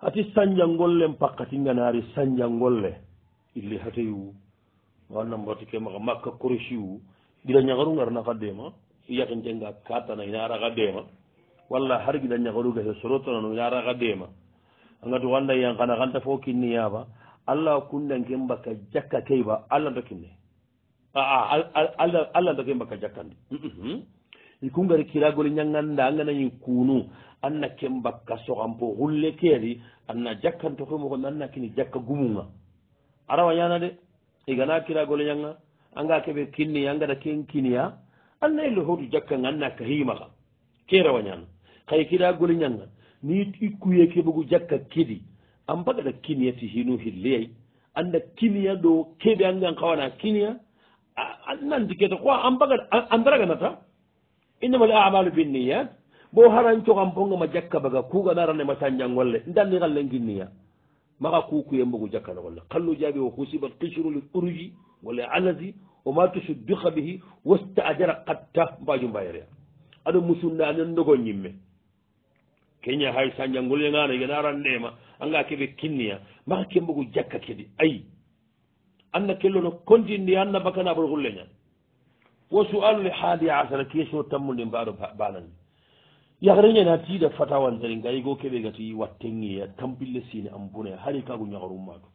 hati sanjangollen pakkati nganaari sanjangolle illi hateyu wannambati ke maka makka korosiwu gida ñagaru ngar naka deema yakintenga katana inaaraka deema walla har gida ñagaruga he sorotonano inaaraka deema angati wanda yankana kanta fo kinni yaaba allah kundanken mbakka jakka keyba allahnto kinne aa allahnto ke mbakka jakkandi ikungari kiragoli ñangannda ngananyi kunu anna ken bakka soxanpo hulle keyadi anna jakkantoxe mogon anna kini jakka gumunga arawa ñana de igana kiragole ñanga anga keɓe kinni angada ken kiniya anna illo hotu jakkan anna ka himaxa ke rawa ñana xay kiragoli ñanga ni ikkuye ke ɓogu jakka kidi an bagada kiniya ti hinu hilleyay anda kiniya ɗo keɓe angan xawana kiniya a nanti kete qoi an bagada andaraganata innama l amalu bin niyat bo harancogam bongama jakka baga kuga naranema sañangolle danni galle ginniya maga kukuye mbogu jakkanogolle kallu jaabi o husibat kisru li urji walla alasi oma tusuddika bihi wasta ajara katta mbaju mbayere aɗo musunna nen dogon ñimme keña hay sañangolleŋano yena arandema anga keɓe kinniya maga kembogu jakka kedi ayi anna kellono continue anna bakana bor gulleñan wo sual le haaliya asara question tammude mbaɗo balande yakreñana tiida fatawantari ngayi go keɓe gati wattenŋeya tampille sine ambune hari kago ñagarummaɗo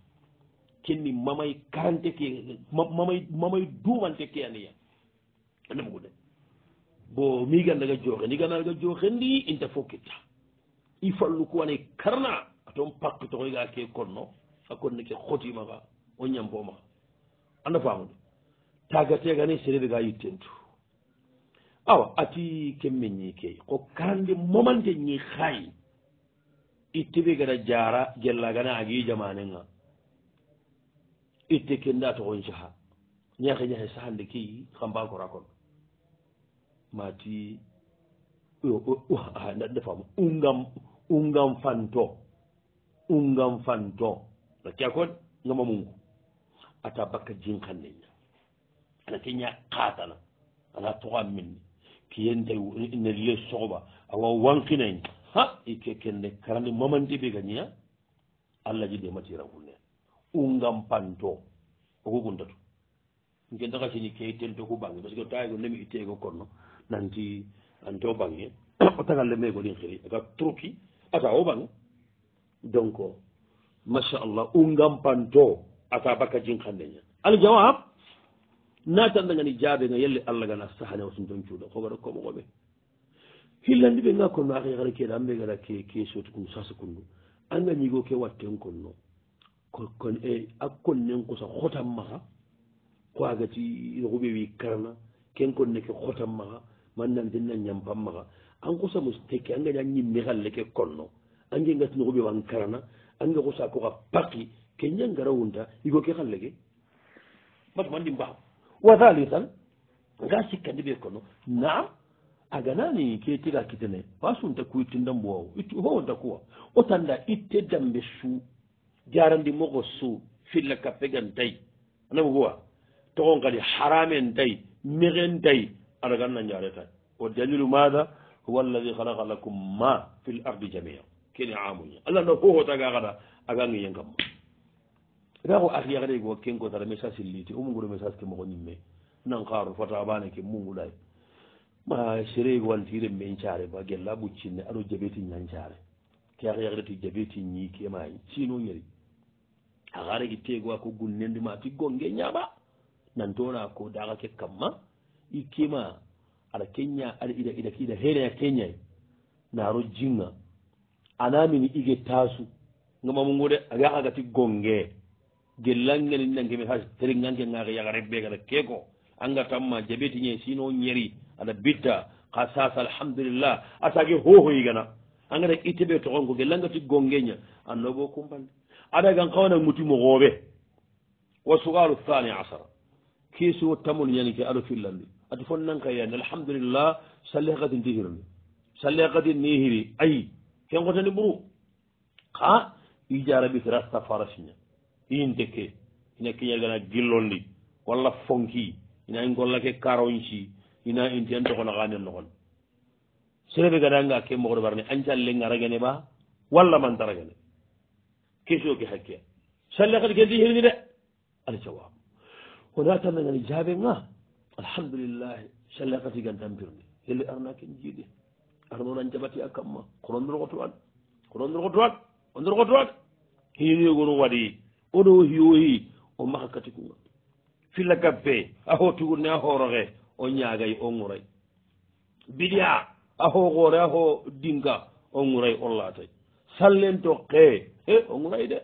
kenni mamay quarante ke mamay mamay dumante keyaniya anamgude bo miganndaga jooxendi gandaga jooxendi inta fo kitta i fallu ko wane karna aton pakqe toxoyga ke konno a konne ke xotimaxa o ñampomaxa anda faamude tagatega ni sere ɓe ga yittentu awa ati kemme ñiikeyi ko karande momante ñii hay itte ɓe gada jara gellagana agi jamanenga itte kenda togon caha ñahe ñahe sahande keyi kamba korakon mati nde faamu ungam ungam fanto ungam fanto lakkiya kon ngama mungu ata bakka jinkanneña ana tiña katana ana toxa minni kiyente ne le soxoɓa awa wankinayi ha ike kende karani mamandi ɓe gañiya allah ji dematira e fulne ungam panto oku guntatu nke taxa sini ke tento ku bange parce que ta yego nemi itego konno nanti anto bange (coughs) o taga le mego ɗin xiri aga truki ata o bange donc masha allah ungam panto ata bakka jinxandeña aljawab natandagani jaabega yalle allah gana sahane wasum don cuuɗo hogoto komogoɓe hillandi ɓe ga konno akiyakara keeɗa an ɓe gara ke ke sooti kundu sasa kundu anga ñigo ke watten konno koe a konnen kosa hotan maha koagati roɓe wi karna ken konne ke hotan maha mannantenna ñampan maha an kosa mus tekke an gaña ñimmi halle ke konno ange ngati no roɓe wan karana ange kosa koga paki ke ñangara wunta yigo ke halle ke batumandi mbaw wa halitan ga sikkandi ɓe kono naam a ganani ketira kitene wa sunta ku itti dambuwawo itti howonta kuwa o tanda itte dambe suu jarandi mogo suu filla kappegan dayi anamo guwa togon kadi haramen dayi megen dayi aɗa ganna jaretan o dalilu maha huwa alladi halaka lakum ma fi l ardi jamia kene amuña allah no hohotaga kata a gangeyen kammo gaxo axiyaxre yeg wa ken ko tara message liti o mungure message ke moxo ñimme nanqaaru fata bane ke mungulay ma sere yeg wantire me care ba gella ɓuccinne aɗo jaɓeti ñan care ke axiyaxreti jaɓeti ñiike ma sino ñeri axa regi teegowa ko gunnendima ti gonge ñaaɓa nantoona ko daaxa ke kam ma i kema aɗa keña aɗa ida ida heereya keñay naaro jinga anamini ige taasu ngama mungude a yaxaga ti gongee gellangeni nangemi ha teringanke gaka yagare be kata keko anga tamma jabetiñe sino ñeri aɗa bitta ka sasa alhamdulillah asake hohoyigana angata ittebe togon ko gellangati gongeña annobo kumbalde aɗa gan kawana muti mogoɓe wa sualu thani asara kesiwo tamol ñanke aɗo fillandi ati fon nan kayande alhamdulillah sallehakatin tihirni sallehakatin nihiri ayi ken gotani ɓuru ka ijarabitirasta farasiña iin dekke ina kiñagana gillondi walla fonki ina i ngollake karonci ina inti en dogono xa nen noxon serebe gadanga ke moxo ɗobarani ancalleng aragene ɓa walla mantaragene question ke hakkea salle xadi ke ndi hirni de ada cawab wona tannangani jaabe nga alhamdulillahi salle xati gantampirni yelle arnake njiiɗe arnonan jabati a kamma kono ndorxotowat kono ndorxotowat o ndorxotowat hiniyogonu waɗi oɗo yooyi o maha katikuma filla gabbe a hotugurne a horoxe o ñaagay o ŋuray biɗiya a hoxoore a ho dinga o ŋuray o laatay sallento xe e o ŋuray de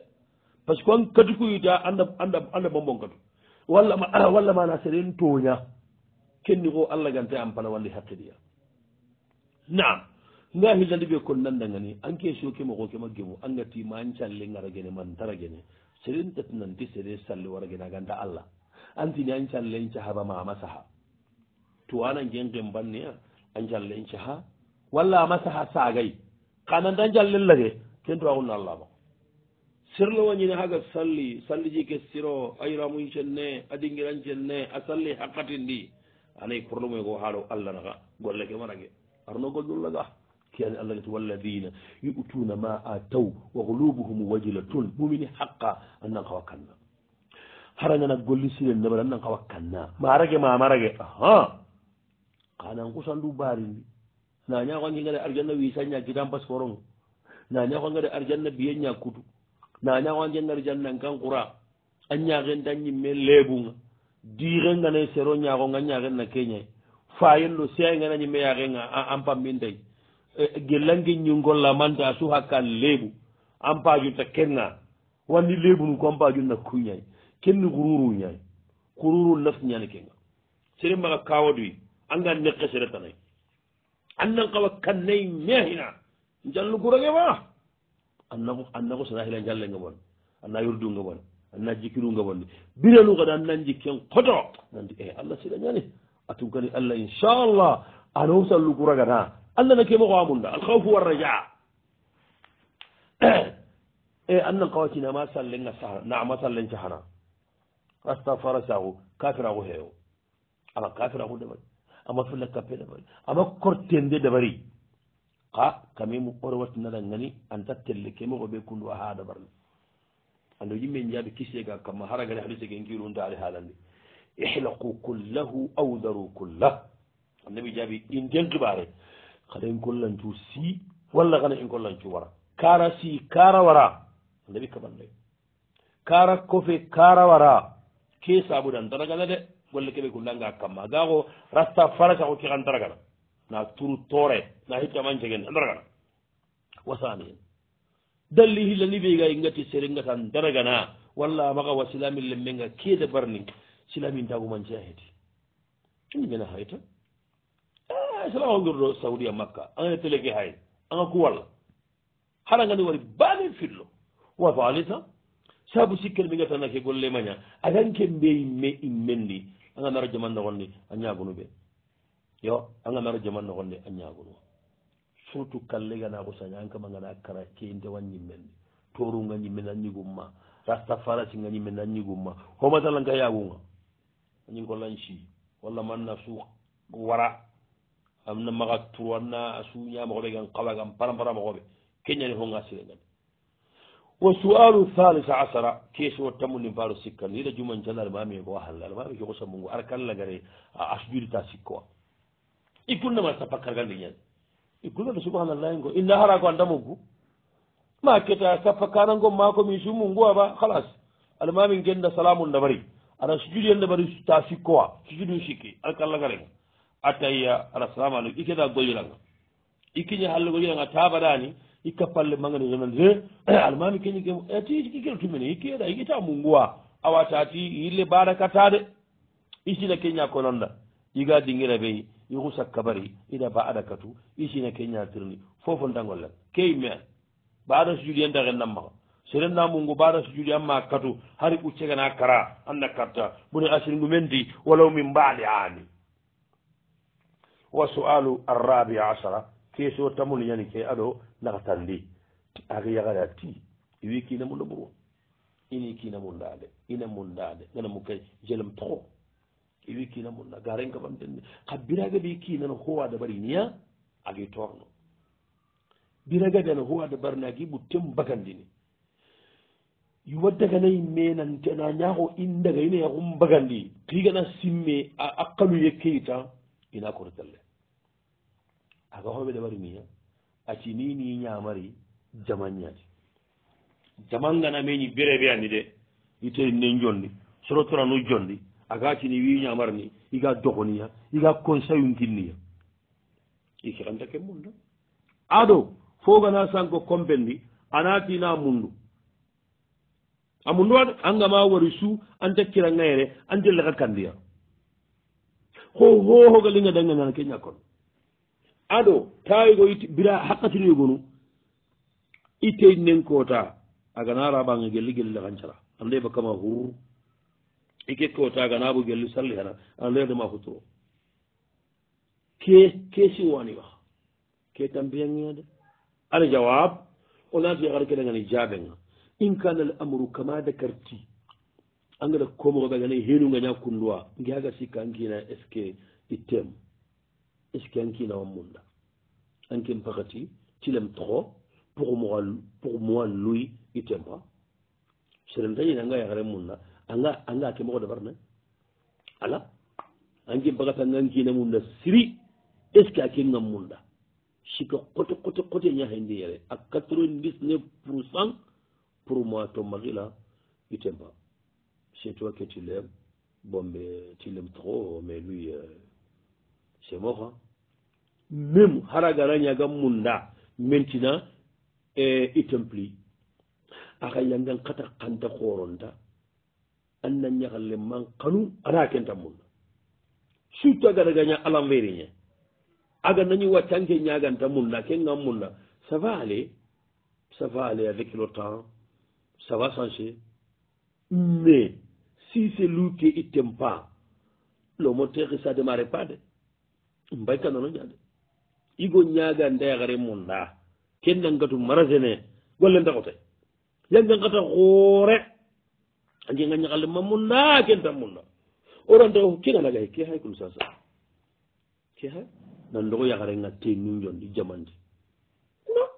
par ce que an katikuyita anda anda anda bonbonkatu walla ah, walla mana seren tooña kenni xo allah gante ampana walli haqiriya naam nga hillandi ɓe kon nandangani an ke sokemoxo kema gemu angati mancalle ngara gene mantara gene serin tati nanti sere salli waragina ganda allah antini an calle n cahaba mamasaha tuwana gen gembanniya an calle n caha walla amasaha sagay kananta an callel lage ken tuwakunna allah ma sirlo wañine haga salli salli ji ke siro ayiramuy cenne a dingiran cenne a salli hakkatin ndi anayi porlo mu ye ko haalo allah naga golle ke marage arno gollullaga kiyan Allah ne walladina yu'tuna ma ataw wa qulubuhum wajilatun mu'mini haqqa annan qawakanna haranga nak golli silen nabar annan qawakanna marage ma marage ha kanan kusan du bari na nya ko ngi ngare arjanna wi sanya gidan pasporong na nya ko ngare arjanna biye nya kudu na nya ko ngi ngare jannan kan qura anya gen dan ni melebung dire nga ne sero nya ko nga nya gen na kenye fayen lo sey nga a ampa Eh, gellangel ngel ngolla manta a suu hakka leeɓu ampajunta kenga wanni leeɓu nu ko ampajun na kuñay kenni kururu ñay kururu naf ñani kenga sere mala kawaduy anga neqe seretanay annan kawa kannay mehina njallugurage ma annako annako sana hila njalle nga bon anna yurdu nga bon anna jikiru nga bonni biranu kada annan jikken koto nandi eh allah sira ñani atunkani allah inchallah anoo sallugura gana allana ke mogo amunda alhawfu warrajaa e anna lkawati nama sallenga sa nama sallen cahana astafara sagu kafiragu heo ama kafiragu dabari ama fella kappe dabari ama kortende dabari ka kamimu ore wattinada ngani anta telle ke mogo ɓe kundu a ha dabarni ando yimme jaabi kisega kamma haragani hadise ge giruntaali haalandi ihlaku kullahu audaru kullah annabi jaabi in ten kibare kada en gollancu si walla kana en gollancu wara kara si kara wara annabi kaballay kara kofe kara wara ke sabudan daragana de golle keɓe gullanga kamma gaako rasta faraca ko kixan daragana na turu toore na hittaman jegen daragana wasani hen dalli hillani ɓeyga ingati sere ngatan daragana walla maga wa silamin lemmenga keede barni silamin tagumanceya heedi ɗumi mena hayta islam ngir ɗo saudia makka aga teleke hay aga kuwalla haɗa gani wari baami fillo wa falita saabu sikkel mi gatanake golle maña aganke mbeyi me immendi aga nara jamanna gonde a ñagunu ɓe yo aga nara jamanna gonde a ñagunu surtout kallegaanako saña an kama gana kara kentewa ñimmendi toorunga ñimmendi a ñigumma rastafarasi nga ñimmendi a ñigumma homatalanka yagunga añin kollan si walla mannasu wara amna maga turanna asuñamoxoɓe gan qawa gan parampara moxoɓe keñani honga sirengan wa sualu halisa asara question tamundin faro sikkan yida jumancanare mami e ko halla mami ke kosamungu ara kanlagare a asbirita sikkowa i kunnama sapakargandi ñani i gulmeɓe subhanallahingo inna hara ko andamuggu ma keta sappa kanango ma komi sumungu aba halas ala mami genda salamu ndabari aɗa sujudi endabari ta sikkowa sujudu sikki ara kanlagarega attayya alasalamanu ikeda goyiranga ikkiñi halle goyiranga tabadani ikka palle magani yonande eh, almami keñike eh, ti ikkilo tumini ikkeeda ikita munguwa awatati yille baɗakatade isina keña ko nanda yiga dingira ɓey yihusa kabari ida baɗakatu isina keña tirni fofo dangol len key men baɗa sujudi en dahe nammaa serenna mungu baɗa sujudi amma katu hari ɓuccegana kara anna karta boni asiringu men di walaw min mbaɗe ani wa sualu arrabi asara keso tamulu ñani ke aɗo nakatandi aga yagada ti iwi kina mun ɗoɓuru ini kina mun dade ina mun dade gana mu kay jelem trop iwi kina mun na garen kabam tendi ka biraga bi kinano howa dabari niya agay torno biraga bi ana howa dabari ni agi ɓuttem bagandini waddaganayi menante na ñaako indagayina yaxum bagandi kigana simme a aqalu ye keyitan ina kor telle aga hoɓe ɗe wari miya acini ni ñamari jamanñaati jamanganameñi bire be anni de itoi nen jondi sorotoranu jondi aga acini wi ñamar ni iga dogoniya iga consayuntinniya i kiranta ke munda ado fogana sanko kombendi anatina mundu amundu ad angama wari su anta kirangayere antelaka kandiya ho hohoga linga dangandana ke ñakkon ado tawigo it bira hakkatinoygonu ittey nen kota agana raɓanga gelli gelle hancara ande bakama hurr ike kota aganabo gelli salli hana anledema futuro ke ke siwani wa ke tambiyangede ala jawab onati yakar kedangani jaɓenga in kana al amru kama dakarti an gata komoroɓe gana henunga ña kunduwa giyaga sikka ankina est ce que ittem est ce que ankina wammunda ankin pakati tilem trop pour moi pour moi lui itempa serentañina anga yakaren munna anga anga ke moxo dabarne ala ankin pakati anga ankina munda siri est ce que ake ngam munda sikka kote kote kote ñahaindi yere a quatre vingt dix neuf pour cent pour moi to maxila itempa c'est toi que tu l'aimes. Bon, mais tu l'aimes trop, mais lui, euh, c'est mort. Hein. Même Haragana Nyaga Munda, maintenant, eh, il t'emplit. Akayangan Kata Kanta Koronda, Anna Nyaga Leman Kanu, Anakenta Munda. Surtout Agaraga Nyaga Alamverinya. Aga nani watanke nyaganta munda, munda. Ça va aller, ça va aller avec le temps, ça va changer. Mais, si se luti itten e pa lomo tehi sa demare pa de mbaykanano ñade igo ñaga ndeexre mun da ken nangatu marasene golle ndaxote yangangata xuure a jenga ñaxale ma mun da ken ta mun da oranta kega nagaye ke xay kum sasa ke xay nan ndoxo yaxarenga te nu njondi jamandi non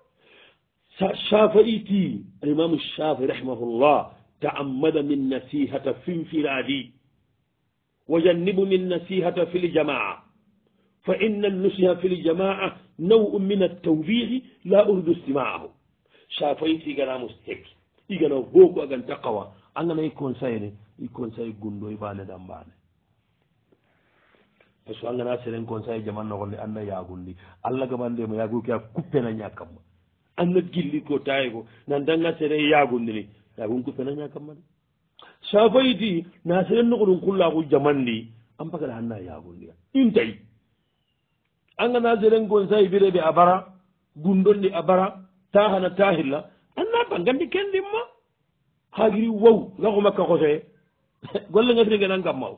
sa shafa'i ti alimamu shafi rahimahullah taammada min nasihata finfiradi wajannibu min nasihata fi ljamaa fa inna nusiha fi ljamaa naw'um min altawbihi la uridu istimaahu shafayi tiganamus hek igana boko aganta qawa angana i conseilne i conseil gundo i bane dan bane par ce que angana seren conseil jaman nogolle anna yagundi allah gabandema yaguke a kuppena ñakamma anna gilli ko tayego nan danga seren yagundini kaagunku penaña kammade safayiti na seren nokoɗum kullaku jamandi an pagata hanna yagondiya intayi anga na seren gon sa ibireɓe abara gundonɗi abara tahana tahilla anna bangandi kendinma hagiri waw gako makka kose (laughs) golle gasire genan kamma o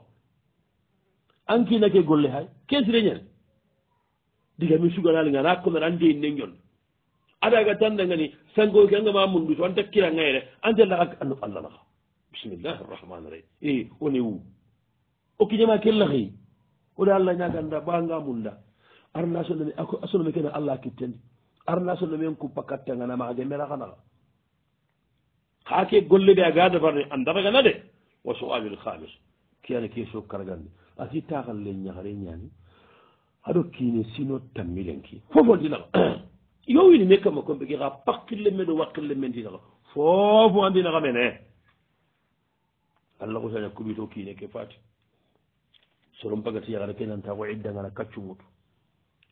an kinake golle hay kesireñen digami sugalali ngana komen an deinne ñonde aɗaga tandagani sango kengama munɗu to an takkirangayre an jalla ak anno allalaha bisimillah arrahmani rahim e woni wu o kiñama kellahi oɗo allah ñaganda banga munda arna sonnomi asonomi kene allah kittani arna sonnomin kuppa kattangana maage melaxanaxa ha ke golle ɓe a gada farni andaragana de wa soalil halis kiyana ke so karagande ati taxan le ñaxare ñani aɗo kine sino tammilenki fofo dinaxa (clears throat) yowini nekkama kombegi xa pakkille men o wakkille men dinaxa foofu a dinaxa mene eh. allah xusaña kuɓito kiine ke faati sorom pagati yaxara ke nanta xo iddangana kaccumutu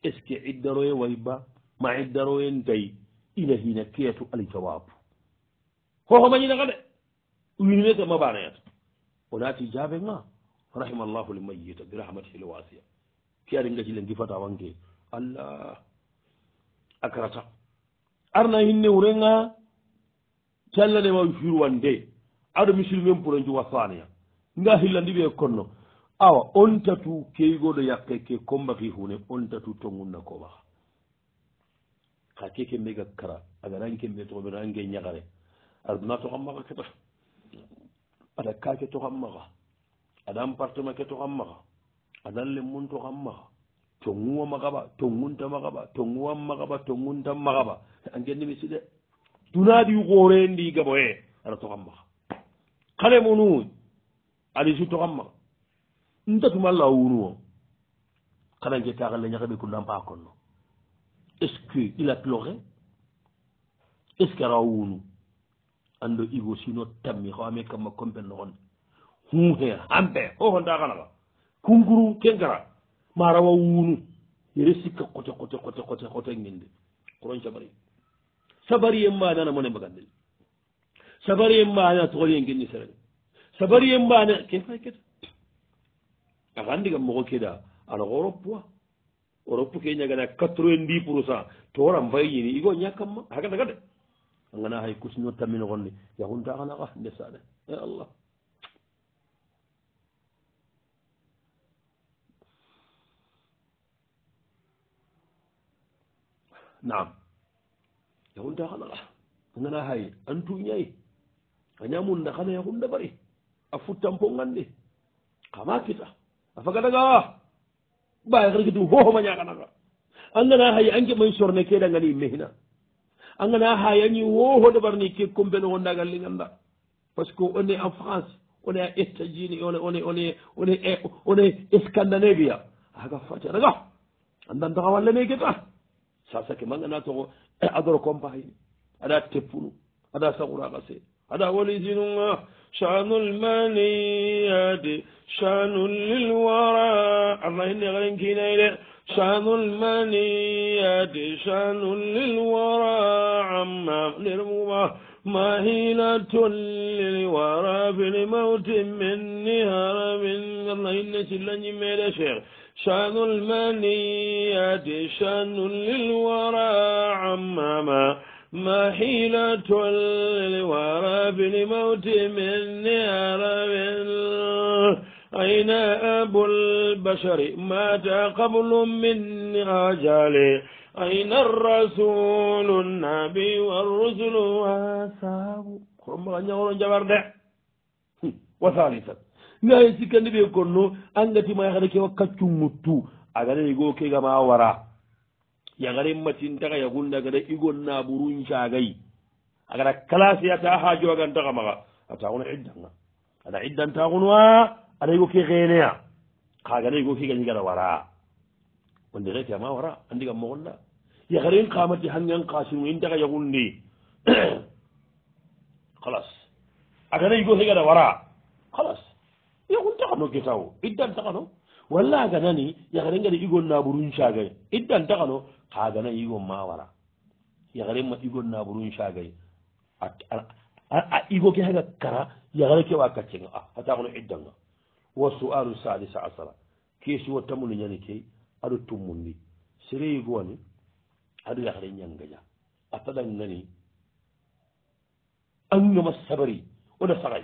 est ce que iddaroye way ba ma iddaroye ndey ina hina keetu alijawabu xooxo mañinaxa de wini meke mabaneyata o naati jaabe nga rahimallahu lmayita birahmatihi lwasia ke aringa cile ngifatawanke allah akrata arna hinne wurenga callanema firwande aɗo musulmen pour jowa faneya nga hillandiɓe konno awa on tatu keygoɗo yakke ke kombaki hune on tatu tongunna kobaha ha keke mbega kara agaran kembe toɓeange ñagare arduna tohammaga keta aɗa kake tohammaga aɗa partema ke tohammaga aɗan lemmun tohammaga tonguwa makaba tongunta makaba tonguwa makaba tongunta makaba an kendi mi side dunadi yugorendi gabo e ana togammaka kale munu adi su togammaka nta tumalla wunuwo kana njetakalle ñakabe kullampa konno est ce que ilatloxe est ce que ara wunu ando igo sino tammi xo ame kamma compel noxonde hu he hampe oxo ndaxanaba kunguru kengara ma rawa wuunu yere sikka kote kote kote kote kote ngende koron sabari sabari yen manana mone mbagande sabari yen manana togoli yen ngendi serene sabari yen mana kefay keta agandi gam mogo keda ala go roppuwa o roppu ke ñagana quatre vingt dix pour cent toora mbay yini igo ñakkamma hagadagade angana hay kusino tamino gonni yahunta ganaka ndesade e allah naam yahunta xanala ngana xaye antuñayi a ñamun nda xana yaxun da bari a futtanpongan de xama kita a fagadagawa baye xergetum fofoma ñaxanaga a ngana xaye a ngemay sorne ke dangani mexina a ngana xaye a ñi woofo da barni ke combenoxo ndaga linganda parce que on est en france on est a états unis on on on on est escandanavia aga fatanaga andan taxa wallene geta sasake manga na togo adoro compahayi aɗa teppunu aɗa saguraga see aɗa wolidinuga شان المنيات شان للورى الله إني غنكين إليه شان المنيات شان للورى عما نرموما ماهلة للورى في الموت من نهر من الله إني سلني ميلا شيخ شان المنية شان للورى عمما ما حيلة الورى بالموت من عرب أين أبو البشر مات قبل من أجله أين الرسول النبي والرسل وأصحابه (laughs) وثالثا nayi sikkandi ɓe konno angatima yahade ke wakkaccummuttu agada igo kegama wara yagaren matintaka yagunda agada igon naburuncagayi agada classe ata hajo agantaka maga atakuno iddanga ada iddantakunoa ada igo ke heneya kagada igo kegañi gada wara onde rete ama wara andigam mogonna yagaren kamati hangen kasinu intaka yagunde (clears throat) alas agada igo kegada wara alas yogun taxano getawo iddan taxano walla aganani yaxere ngene igon naɓurun cagay iddan taxano kagana igon ma wara yaxerenma igon naɓurun cagay a igo ke haga kara yaxere ke wa kaccenga ah, a ataxano iddanga wa sualu salisa asala kesi wo tamuli ñani ke aɗo tummundi sere yigowani aɗo yaxere ñangaña a taɗan ngani angama sabari oɗa saxay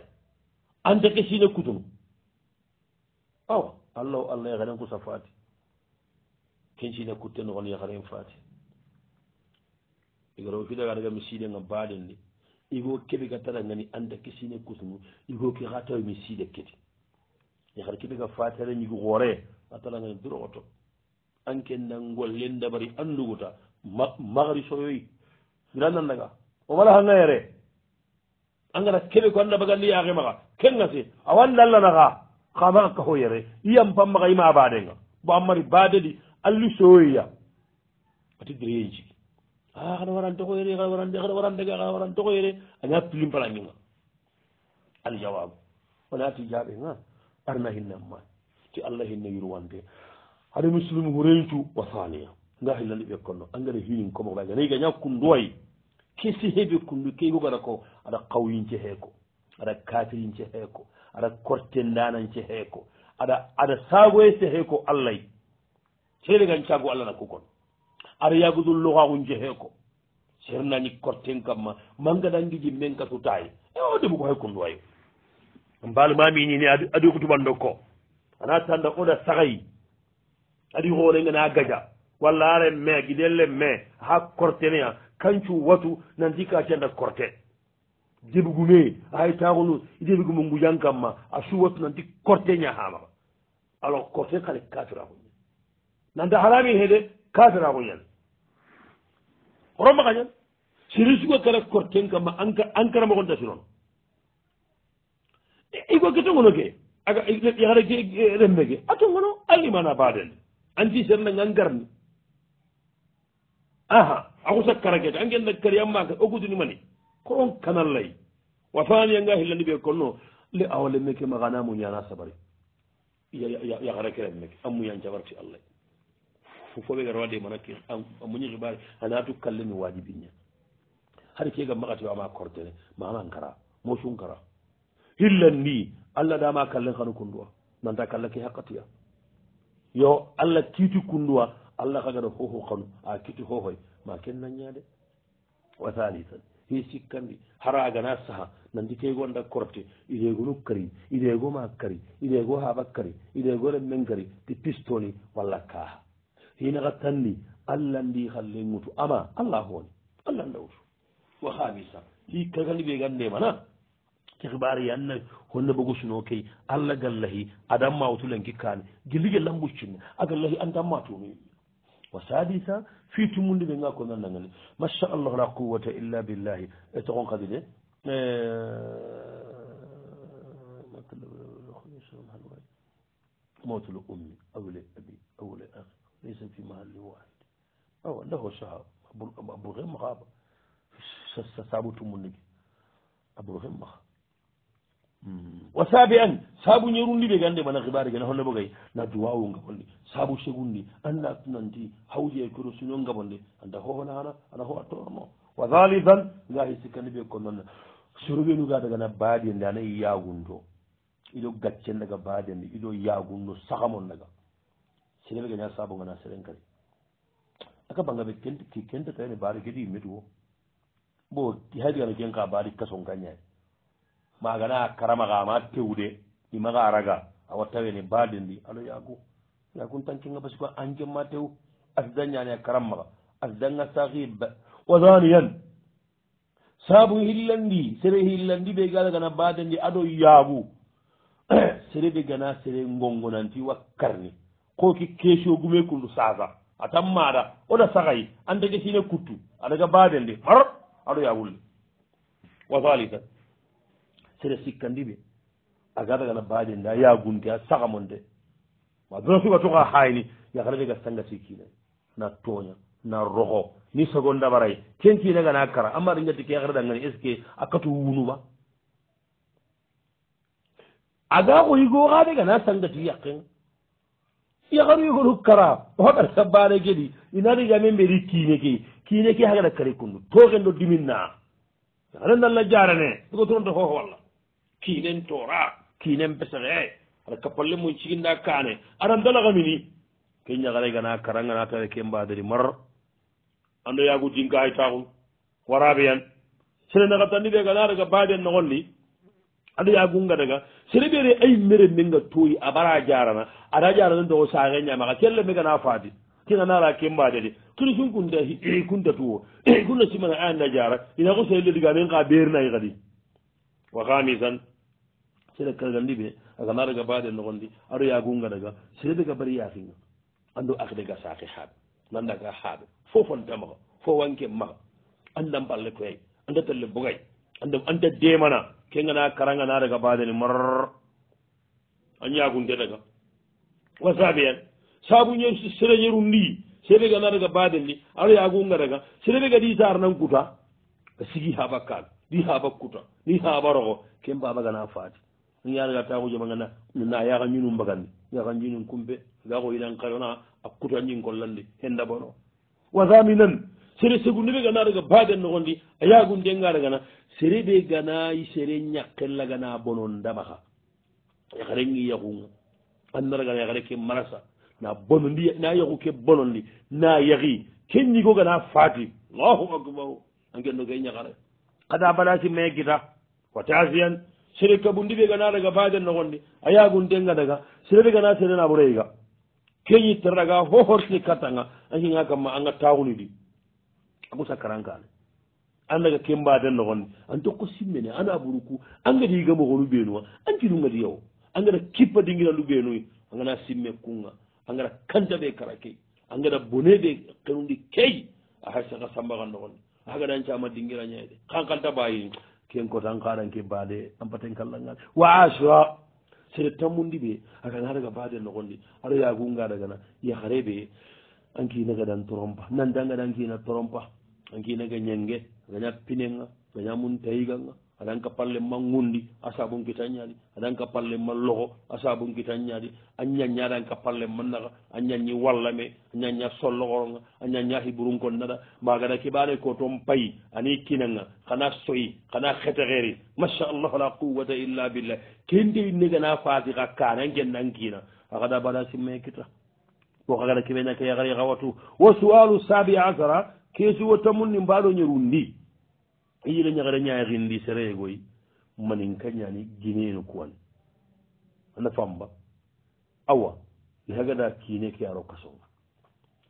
anta ke sine kutunu aw allah o allah yahren kusa faati kencine kutte nogon yahren faati igoro fidagaraga mi siidenga baaden de igo keɓe ga tara ngani anda ke sine kutumu igo ke xa tawe mi siide kedi yahar keɓe ga faatere ñigi xoore a tara ngani duroxoto anke nangolle ndabari anduguta maxri soyoy ira nannaga o mala xanga yere angana keɓe ko anda bagandi yaxe maxa kengase awa ndallanaxa kama ka hoyere yiyam pamma ka yima baadenga bo amari baade di alli sooyiya ati dereyeji a ah, kada warante hoyere kada warante kada warantega kada warante hoyere aña pilim palañima aljawabu wona ti jaɓenga arna hinnamma ti allah hinne yurwante hade muslim ko rencu wa saliya nga hillani ɓe konno angara hiin komo ɓe ganayi gaña kunduway kesi heɓe kundu keygo gara ko aɗa kawyince heeko aɗa katirince heeko aɗa kortendananke heeko aɗa aɗa saagoye seheeko allahy ceeregancaago allah na kukon aɗa yagudu logaagunje heeko ceernañi korten kamma mangadangiji men ka sutaay ewa demu ko haykondu wayo mbalmami ni ni adi ko tuɓando ko ana tanda oɗa sahay adi hoorengana gaja walla are me giɗelle me ha kortene a kancu watu nandika cianda korte jeɓugume hay taxunu jeɓugume nguiankamma a suwatunanti corté ñahama alors corté xale kafiraxuñan nanta harami heede kafiraxuñan oromaxañan seri suga kara corten kamma ankara moxon tasinono igo e, e ke tongono ke e, yaxara renme ke a tongono alimana baden anti sernangan garni aha axu sak karakete angenna kariyammaka ogudunimani ko on kanallay wa faniya nga hillani ɓe kon no le awale meke maxana muñana sabari yaxare kerem meke a muñan jabarti allah fofoɓe gar wa demana ke a muñi xibare anatu kalle mi wajibiña har kega maxati ama cordene mana ngara mosu ngara hillandi allah dama kalle xanu kunduwa nanta kalla ke xaqatiya yo allah kiiti kunduwa allah xagano xoxo xanu a kiiti xooxoy ma ken nañade wa halitan hee sikkandi hara agana saha nandi keegonda corté ideegonu kari ideegoma kari ideego haaɓa kari ideego remmen gari ti pistoni walla kaaha hinaka tanni allah ndi halle ŋutu ama allah hooni allah ndawutu wa haamisa hi kagani ɓeegan ndemana kihibari yanna honne bogusuno key allah gallahi adan mawtu lenki kaani gilli gellan buccinne agallahi andan matumii وسادسا في تمون بين غاكو نان ما شاء الله لا قوه الا بالله اتقون قديد إيه؟ موت الام او لابي او لاخ ليس في محل واحد او له شهر ابو غير مغاب سابو تمون ابو غير مغاب Mm. wa saabi an saabu ñerundi ɓe gannde bana hibaare gene holle bo kay naddu waawo ngabonde saabu segundi annda nanti hawji e kuro sino ngabonde anda hoho nana ana ho a torno wa dalifan ga hay sikkandi ɓe ko noon soroɓenu ga daga na baadi nde ana yagundo iɗo gaccen daga baadi nde iɗo yagundo sahamon daga sineɓe gaña saabu ngana seren kadi aka banga ɓe kenta tawine baari kedi yimmetu o bo hayde gana ken ka baadi kason gañani magana a karamaxa ma tewde imaxa araga awattawene badendi alo yagu yagun tankenga parce que anjemma tew asda ñane a karammaxa asdanga saxiba wazaniyan sabu xillandi sere xillandi ɓe galagana badendi ado yagu (clears throat) sere ɓe gana sere gongonanti wa karni koki kesio gume kundu sasa atan maɗa oda saxay antege sine kuttu adaga badendi har aɗo yagulle wa halitan sere sikkandi ɓe a gatagana baaɗe nde a yagunte a sagamon de ma dona suga toka hayni yakara jega sanga sikkina na tooña na roho ni sogon dabaray kenkinagana kara amma ɗa jatti ke akara dangani est ce que a kato wunuba aga koyigo haɓe gana sangati yakken yakaru yogonu kara oɗata baane geɗi inaɗi gamen ɓeri kiineke kiineke hagaɗa kare kunu tokendo diminna yakare dalla jarane ɗugo tonanta hoho walla kiinen tora kiinen besexe ara kapalle mun ciginda kane aran dalaxamini ke ñaxare gana karangana tare ke mbadari mar ando yagu dinka ay taxun waraɓeyan sene naxatandi ɓe gana daga baden noxolli ando yagu nga daga sene ɓere ay mere menga toyi abara jarana ada jarana ndoxo saxe ñamaxa kelle me gana fadi kiganara ke mbadedi kini sun kunta eh, kuntatuwo eh, kunna simana ayanda jara ina ko sene leligamen xa ɓernayi xadi wa hamisan sere kalgandi ɓe aganaraga baade nogondi aɗo yagunganaga seredega bari yaakinga ando akdega saake haaɓe nandaga haaɓe fofontamaa fo wanke maa anda mballe koyay anda talle bogay anda anda demana kengana karanganaraga baadeni marr an yagundedaga wa saabiyan saabuñen sereñeru ndi sereganaraga baaden ni aɗo yagunganaga sereɓe gadi tarnan kuta a sigi ha bakkaɓe ni haaba kuta ni haaba roxo ke mbaaba gana faati i yaaraga taaxuje mangana na yaxa ñinu mbagandi yaxa ñinu cumbe gaxo inan qayona a kuta ñin kollandi hendaboro wa zaminan sere segundibe gana raga baaden noxondi a yaagundengaragana sere be gana i sere ñakkella gana bono ndabaxa yaxarengi yaxunga anna raga na yaxare ke marasa na bonondi na yaxu ke bonondi na yaxi ke ñigo gana faati allahu akbaru an kendo ke ñaxare kada balati megita wata asiyan serik ka bundi ɓega naɗaga baden nogondi a yagundenga daga sereɗega na serena ɓuraiga keñi terɗaga ho horsini kattanga ahinga kamma anga taguniɗi aku sakkarankane andaga ken baden nogondi anto ko simmene ana ɓuruku angadi yigamogolu ɓenuwa ancinungadi yawo angaɗa kippa dinginalu ɓenuyi angana simme kunga angaɗa kanta ɓe kara key angaɗa bone ɓe kenudi key a haysaga sambagan nogondi hagaɗancama dingiraayde kankanta bayi ken kotan karanke baade ampaten kallangal wa asra sere tammundi ɓe akaga daga baade nogondi aɗa yagunga dagana yahareɓe ankina gaɗan trompa nantangaɗa ankina trompa ankina ga ñangge gaña pinenga gaña mun tayiganga adan ka palle ma ngundi a sabun kita ñaadi adan ka palle ma logo a sabun kita ñaadi a ñañaɗan ka palle ma naga a ñañi wallame a ñaña sollogoronga a ñaña hiburunko naɗa magada keɓare ko tom pay ani kinanga kana soyi kana hetexeri allah la quwwata illa billah kende ni negana fatixa kanan kennan kina axada bada simme kita ko xagada keɓena ke yaxari gawatu wa sualu sabi asara keesuwo tamun ni mbaɗo ñerundi yila ñagara ñaaxindi sereegoy manin ka ñani gineenu kuwan ana famba awa ihagada kiine ke aro kasonga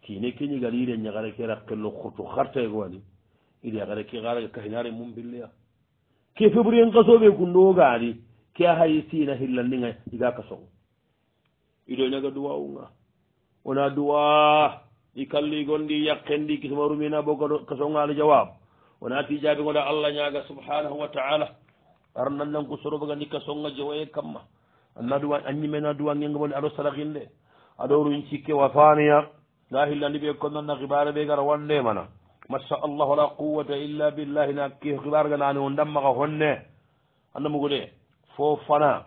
kiine ke ñigal yire ñagara ke rakkello xutu xartegoani ida yagara ke xaaraga kahinaare mum mbilleya ke febrien kasoɓe kundoogaani ke a hay siina hillandinga iga kasong ido ñaga duwa unga wona duwa i kalligondi yakkendi kisma rumina ɓogaɗo kasongaali jawab wona tijaabi gonɗa allah ñaaga subhanahu wa taala arnan nan ko soroɓega ndikka songa jowoye kamma naduwa anñime naduwa ngenga bonde aɗo saraginde aɗorum cikke wafaniya na hillandi ɓe konnanna hibara ɓe gara wonde mana masha allah wala quwata illa billahi na ke hibara ga nani o dammaka honne andamugo de fo fana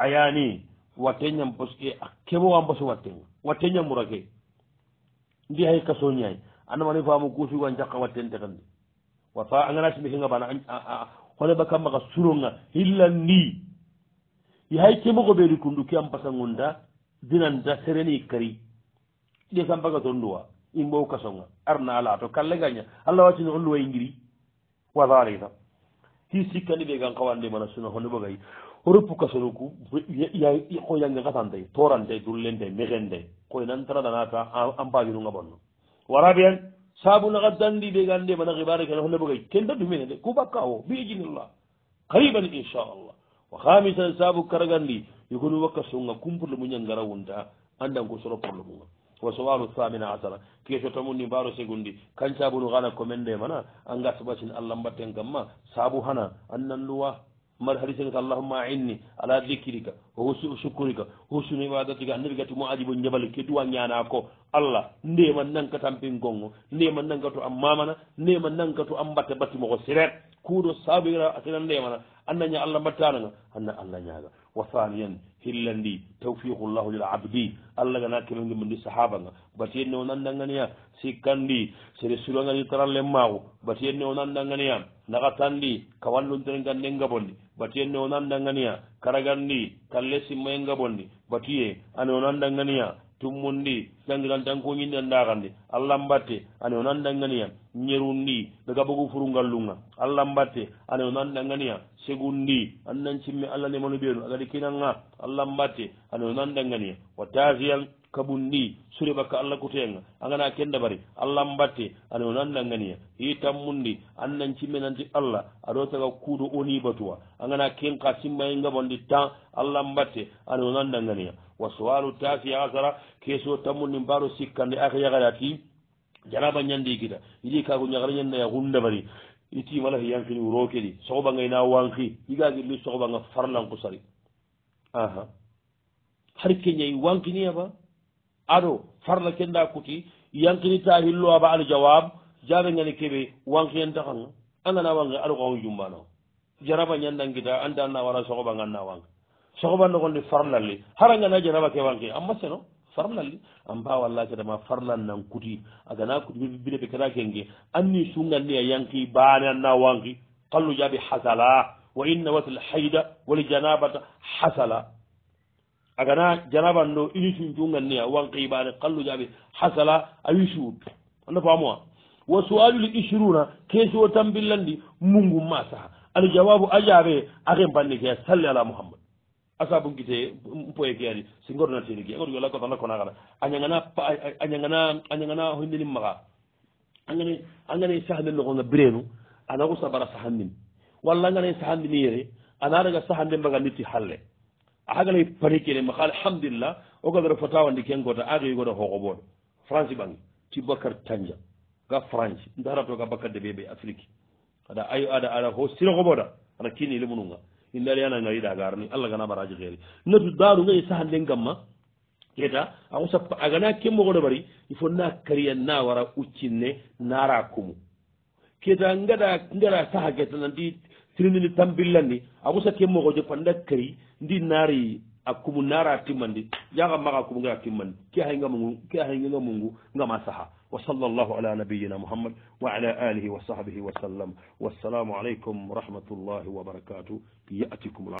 ayani watteñam parce que a keɓowam baso watten watteñam ɓurake ndi hay kaso ñaay andamani faamu kuusugan jakka wattente kandi wata a ganati mi hega bana hono ba kamma ka suronga hillan ni yahay kemogo ɓeeri kundu ke an basa gonda dinanda sereni kari ɗe kam baga tonduwa imbo kasonga arna alato kalle gaña allah wacini hollu wa ngiri wadalita ti sikkani ɓe gan kawande mana suna hono ɓogay orupu kasonuku ko yange katante toranta dullente mexente koy nantaradanata an mbaginunga bonno warabian saabu naxa dandi de gan de mana xibare kene xone bogay ken da dumine de ku bakka o bi ijinillah qariban insha allah wa xamisan saabu karagandi yugunu wakka sunga kum problème uña ngara wunta andan ko soro problème uga wa sowal lhamine asara keso tamundi mbaro segundi kan saabunu xana commen de mana anga subasin allah mbatten kam ma saabu xana annan luwa mbaɗa hadise gata allahuma inni ala dicrika hosukurika husunu ibadatika annabi gati mo aji bo jabal keduwa ñanako allah ndema nanka tampin gongo ndema nanka to am mamana ndema nanka to am mbatta battimoko sereet kuuɗo saabira atena ndemana annaña allah mbattanaga anna allah ñaga wa thaniyan hillandi tawfiqullahu lil abdi allah gana keɓegimmundi sahaba ga bati enne o nandanganiya sikkandi sere suragani taralle maku bati enne o nandanganiya nakatandi kawallontere ganden gabondi batiye ne onandanganiya karagandi kalle simmaye ngabondi batiye ani onandanganiya tummundi sangirantankoñindi nandakandi allahnbatte ani onandanganiya ñerundi daga bogu furungallunga allahnbatte ani onandanganiya segundi annancimme allah nemanu ɓeenu agadi kinanga allahnbatte ani onandanganiya wa tasiyan kaɓum ni suure bakka allah kutoyanga a gana kenda bari allah mbatte ana on anndan ganiya i tammundi annan cimminanti allah aɗo saga kuuɗo oni batuwa a gana kenka simmayi gabondi tan allah mbatte ana on anndan ganiya wa sowalu tasi asara keeso tammundi mbaɗo sikkande aka yagarati jaraba ñandi kita yiɗi kako ñagara ñandaya hunda bari itimala ko yankini wurokedi sohoɓangay na wanki yigagilli sohoɓanga farlan kusari aha har keñayi wankiniya ba aɗo farna kenda kuti yankinita hillo aba al jawab jaɓe gani keɓe wankien taxanga angana wange aɗo kawo jumbano jaraba ñandanguita anta anna wara sogoba ganna wanga sogoba nogondi farlalli hara ngana jaraba ke wanke amma seno farlalli an ba walla kedama farlan nan kuti agana kuti bibineɓe keda kenge anni sunganniya yanki bane anna wanki kallu jaɓi hasala wa inna wasl hayda wali janabata hasala agana janabanɗo inisuncunganniya wanqibane qalludiaɓe hasala a wisuud onda famowa wa soalul ishruna keesio tambillandi mungum ma saha al jawabu ajaɓe aken panni kea salli ala muhammad asabunkite poe keyadi si gornatedi ke gor yola kotona konakala añagana añagana añagana hondenin maxa agani agani sahandi logona birenu anago sabara sahandin walla agani sahandini yere anaa daga sahandi mbaga nditi halle a hagalay e parikele ma alhamdulillah o gadoro fotawande kengota aqii e goɗo hoqoɓoɗo france ɓange ti bakar tanja ga france daarato ga bakar de ɓeɓe e afrique aɗa ay aɗa aɗa ho sirogoɓoɗa aɗa kini lemunuga inde ala yana gariɗa garani allah gana baraji heeri natu daarugay sahande gamma keta ako sappa agana kemmogoɗo ɓari il faut na kariya na wara uccinne nara kumu keta gaɗa gara saha ketanandi tirinini tambillandi agusa kemmoxo jopanda kari ndi naari a kumu naara timmandi yaxa maxa kumu ngara timmandi ke ahangenga mungu ngama saha wa sal allahu ala nabiyina muhammad wa ala alihi wa sahbihi wasallam wassalamu alaykum warahmatullahi wa barakatu yatikum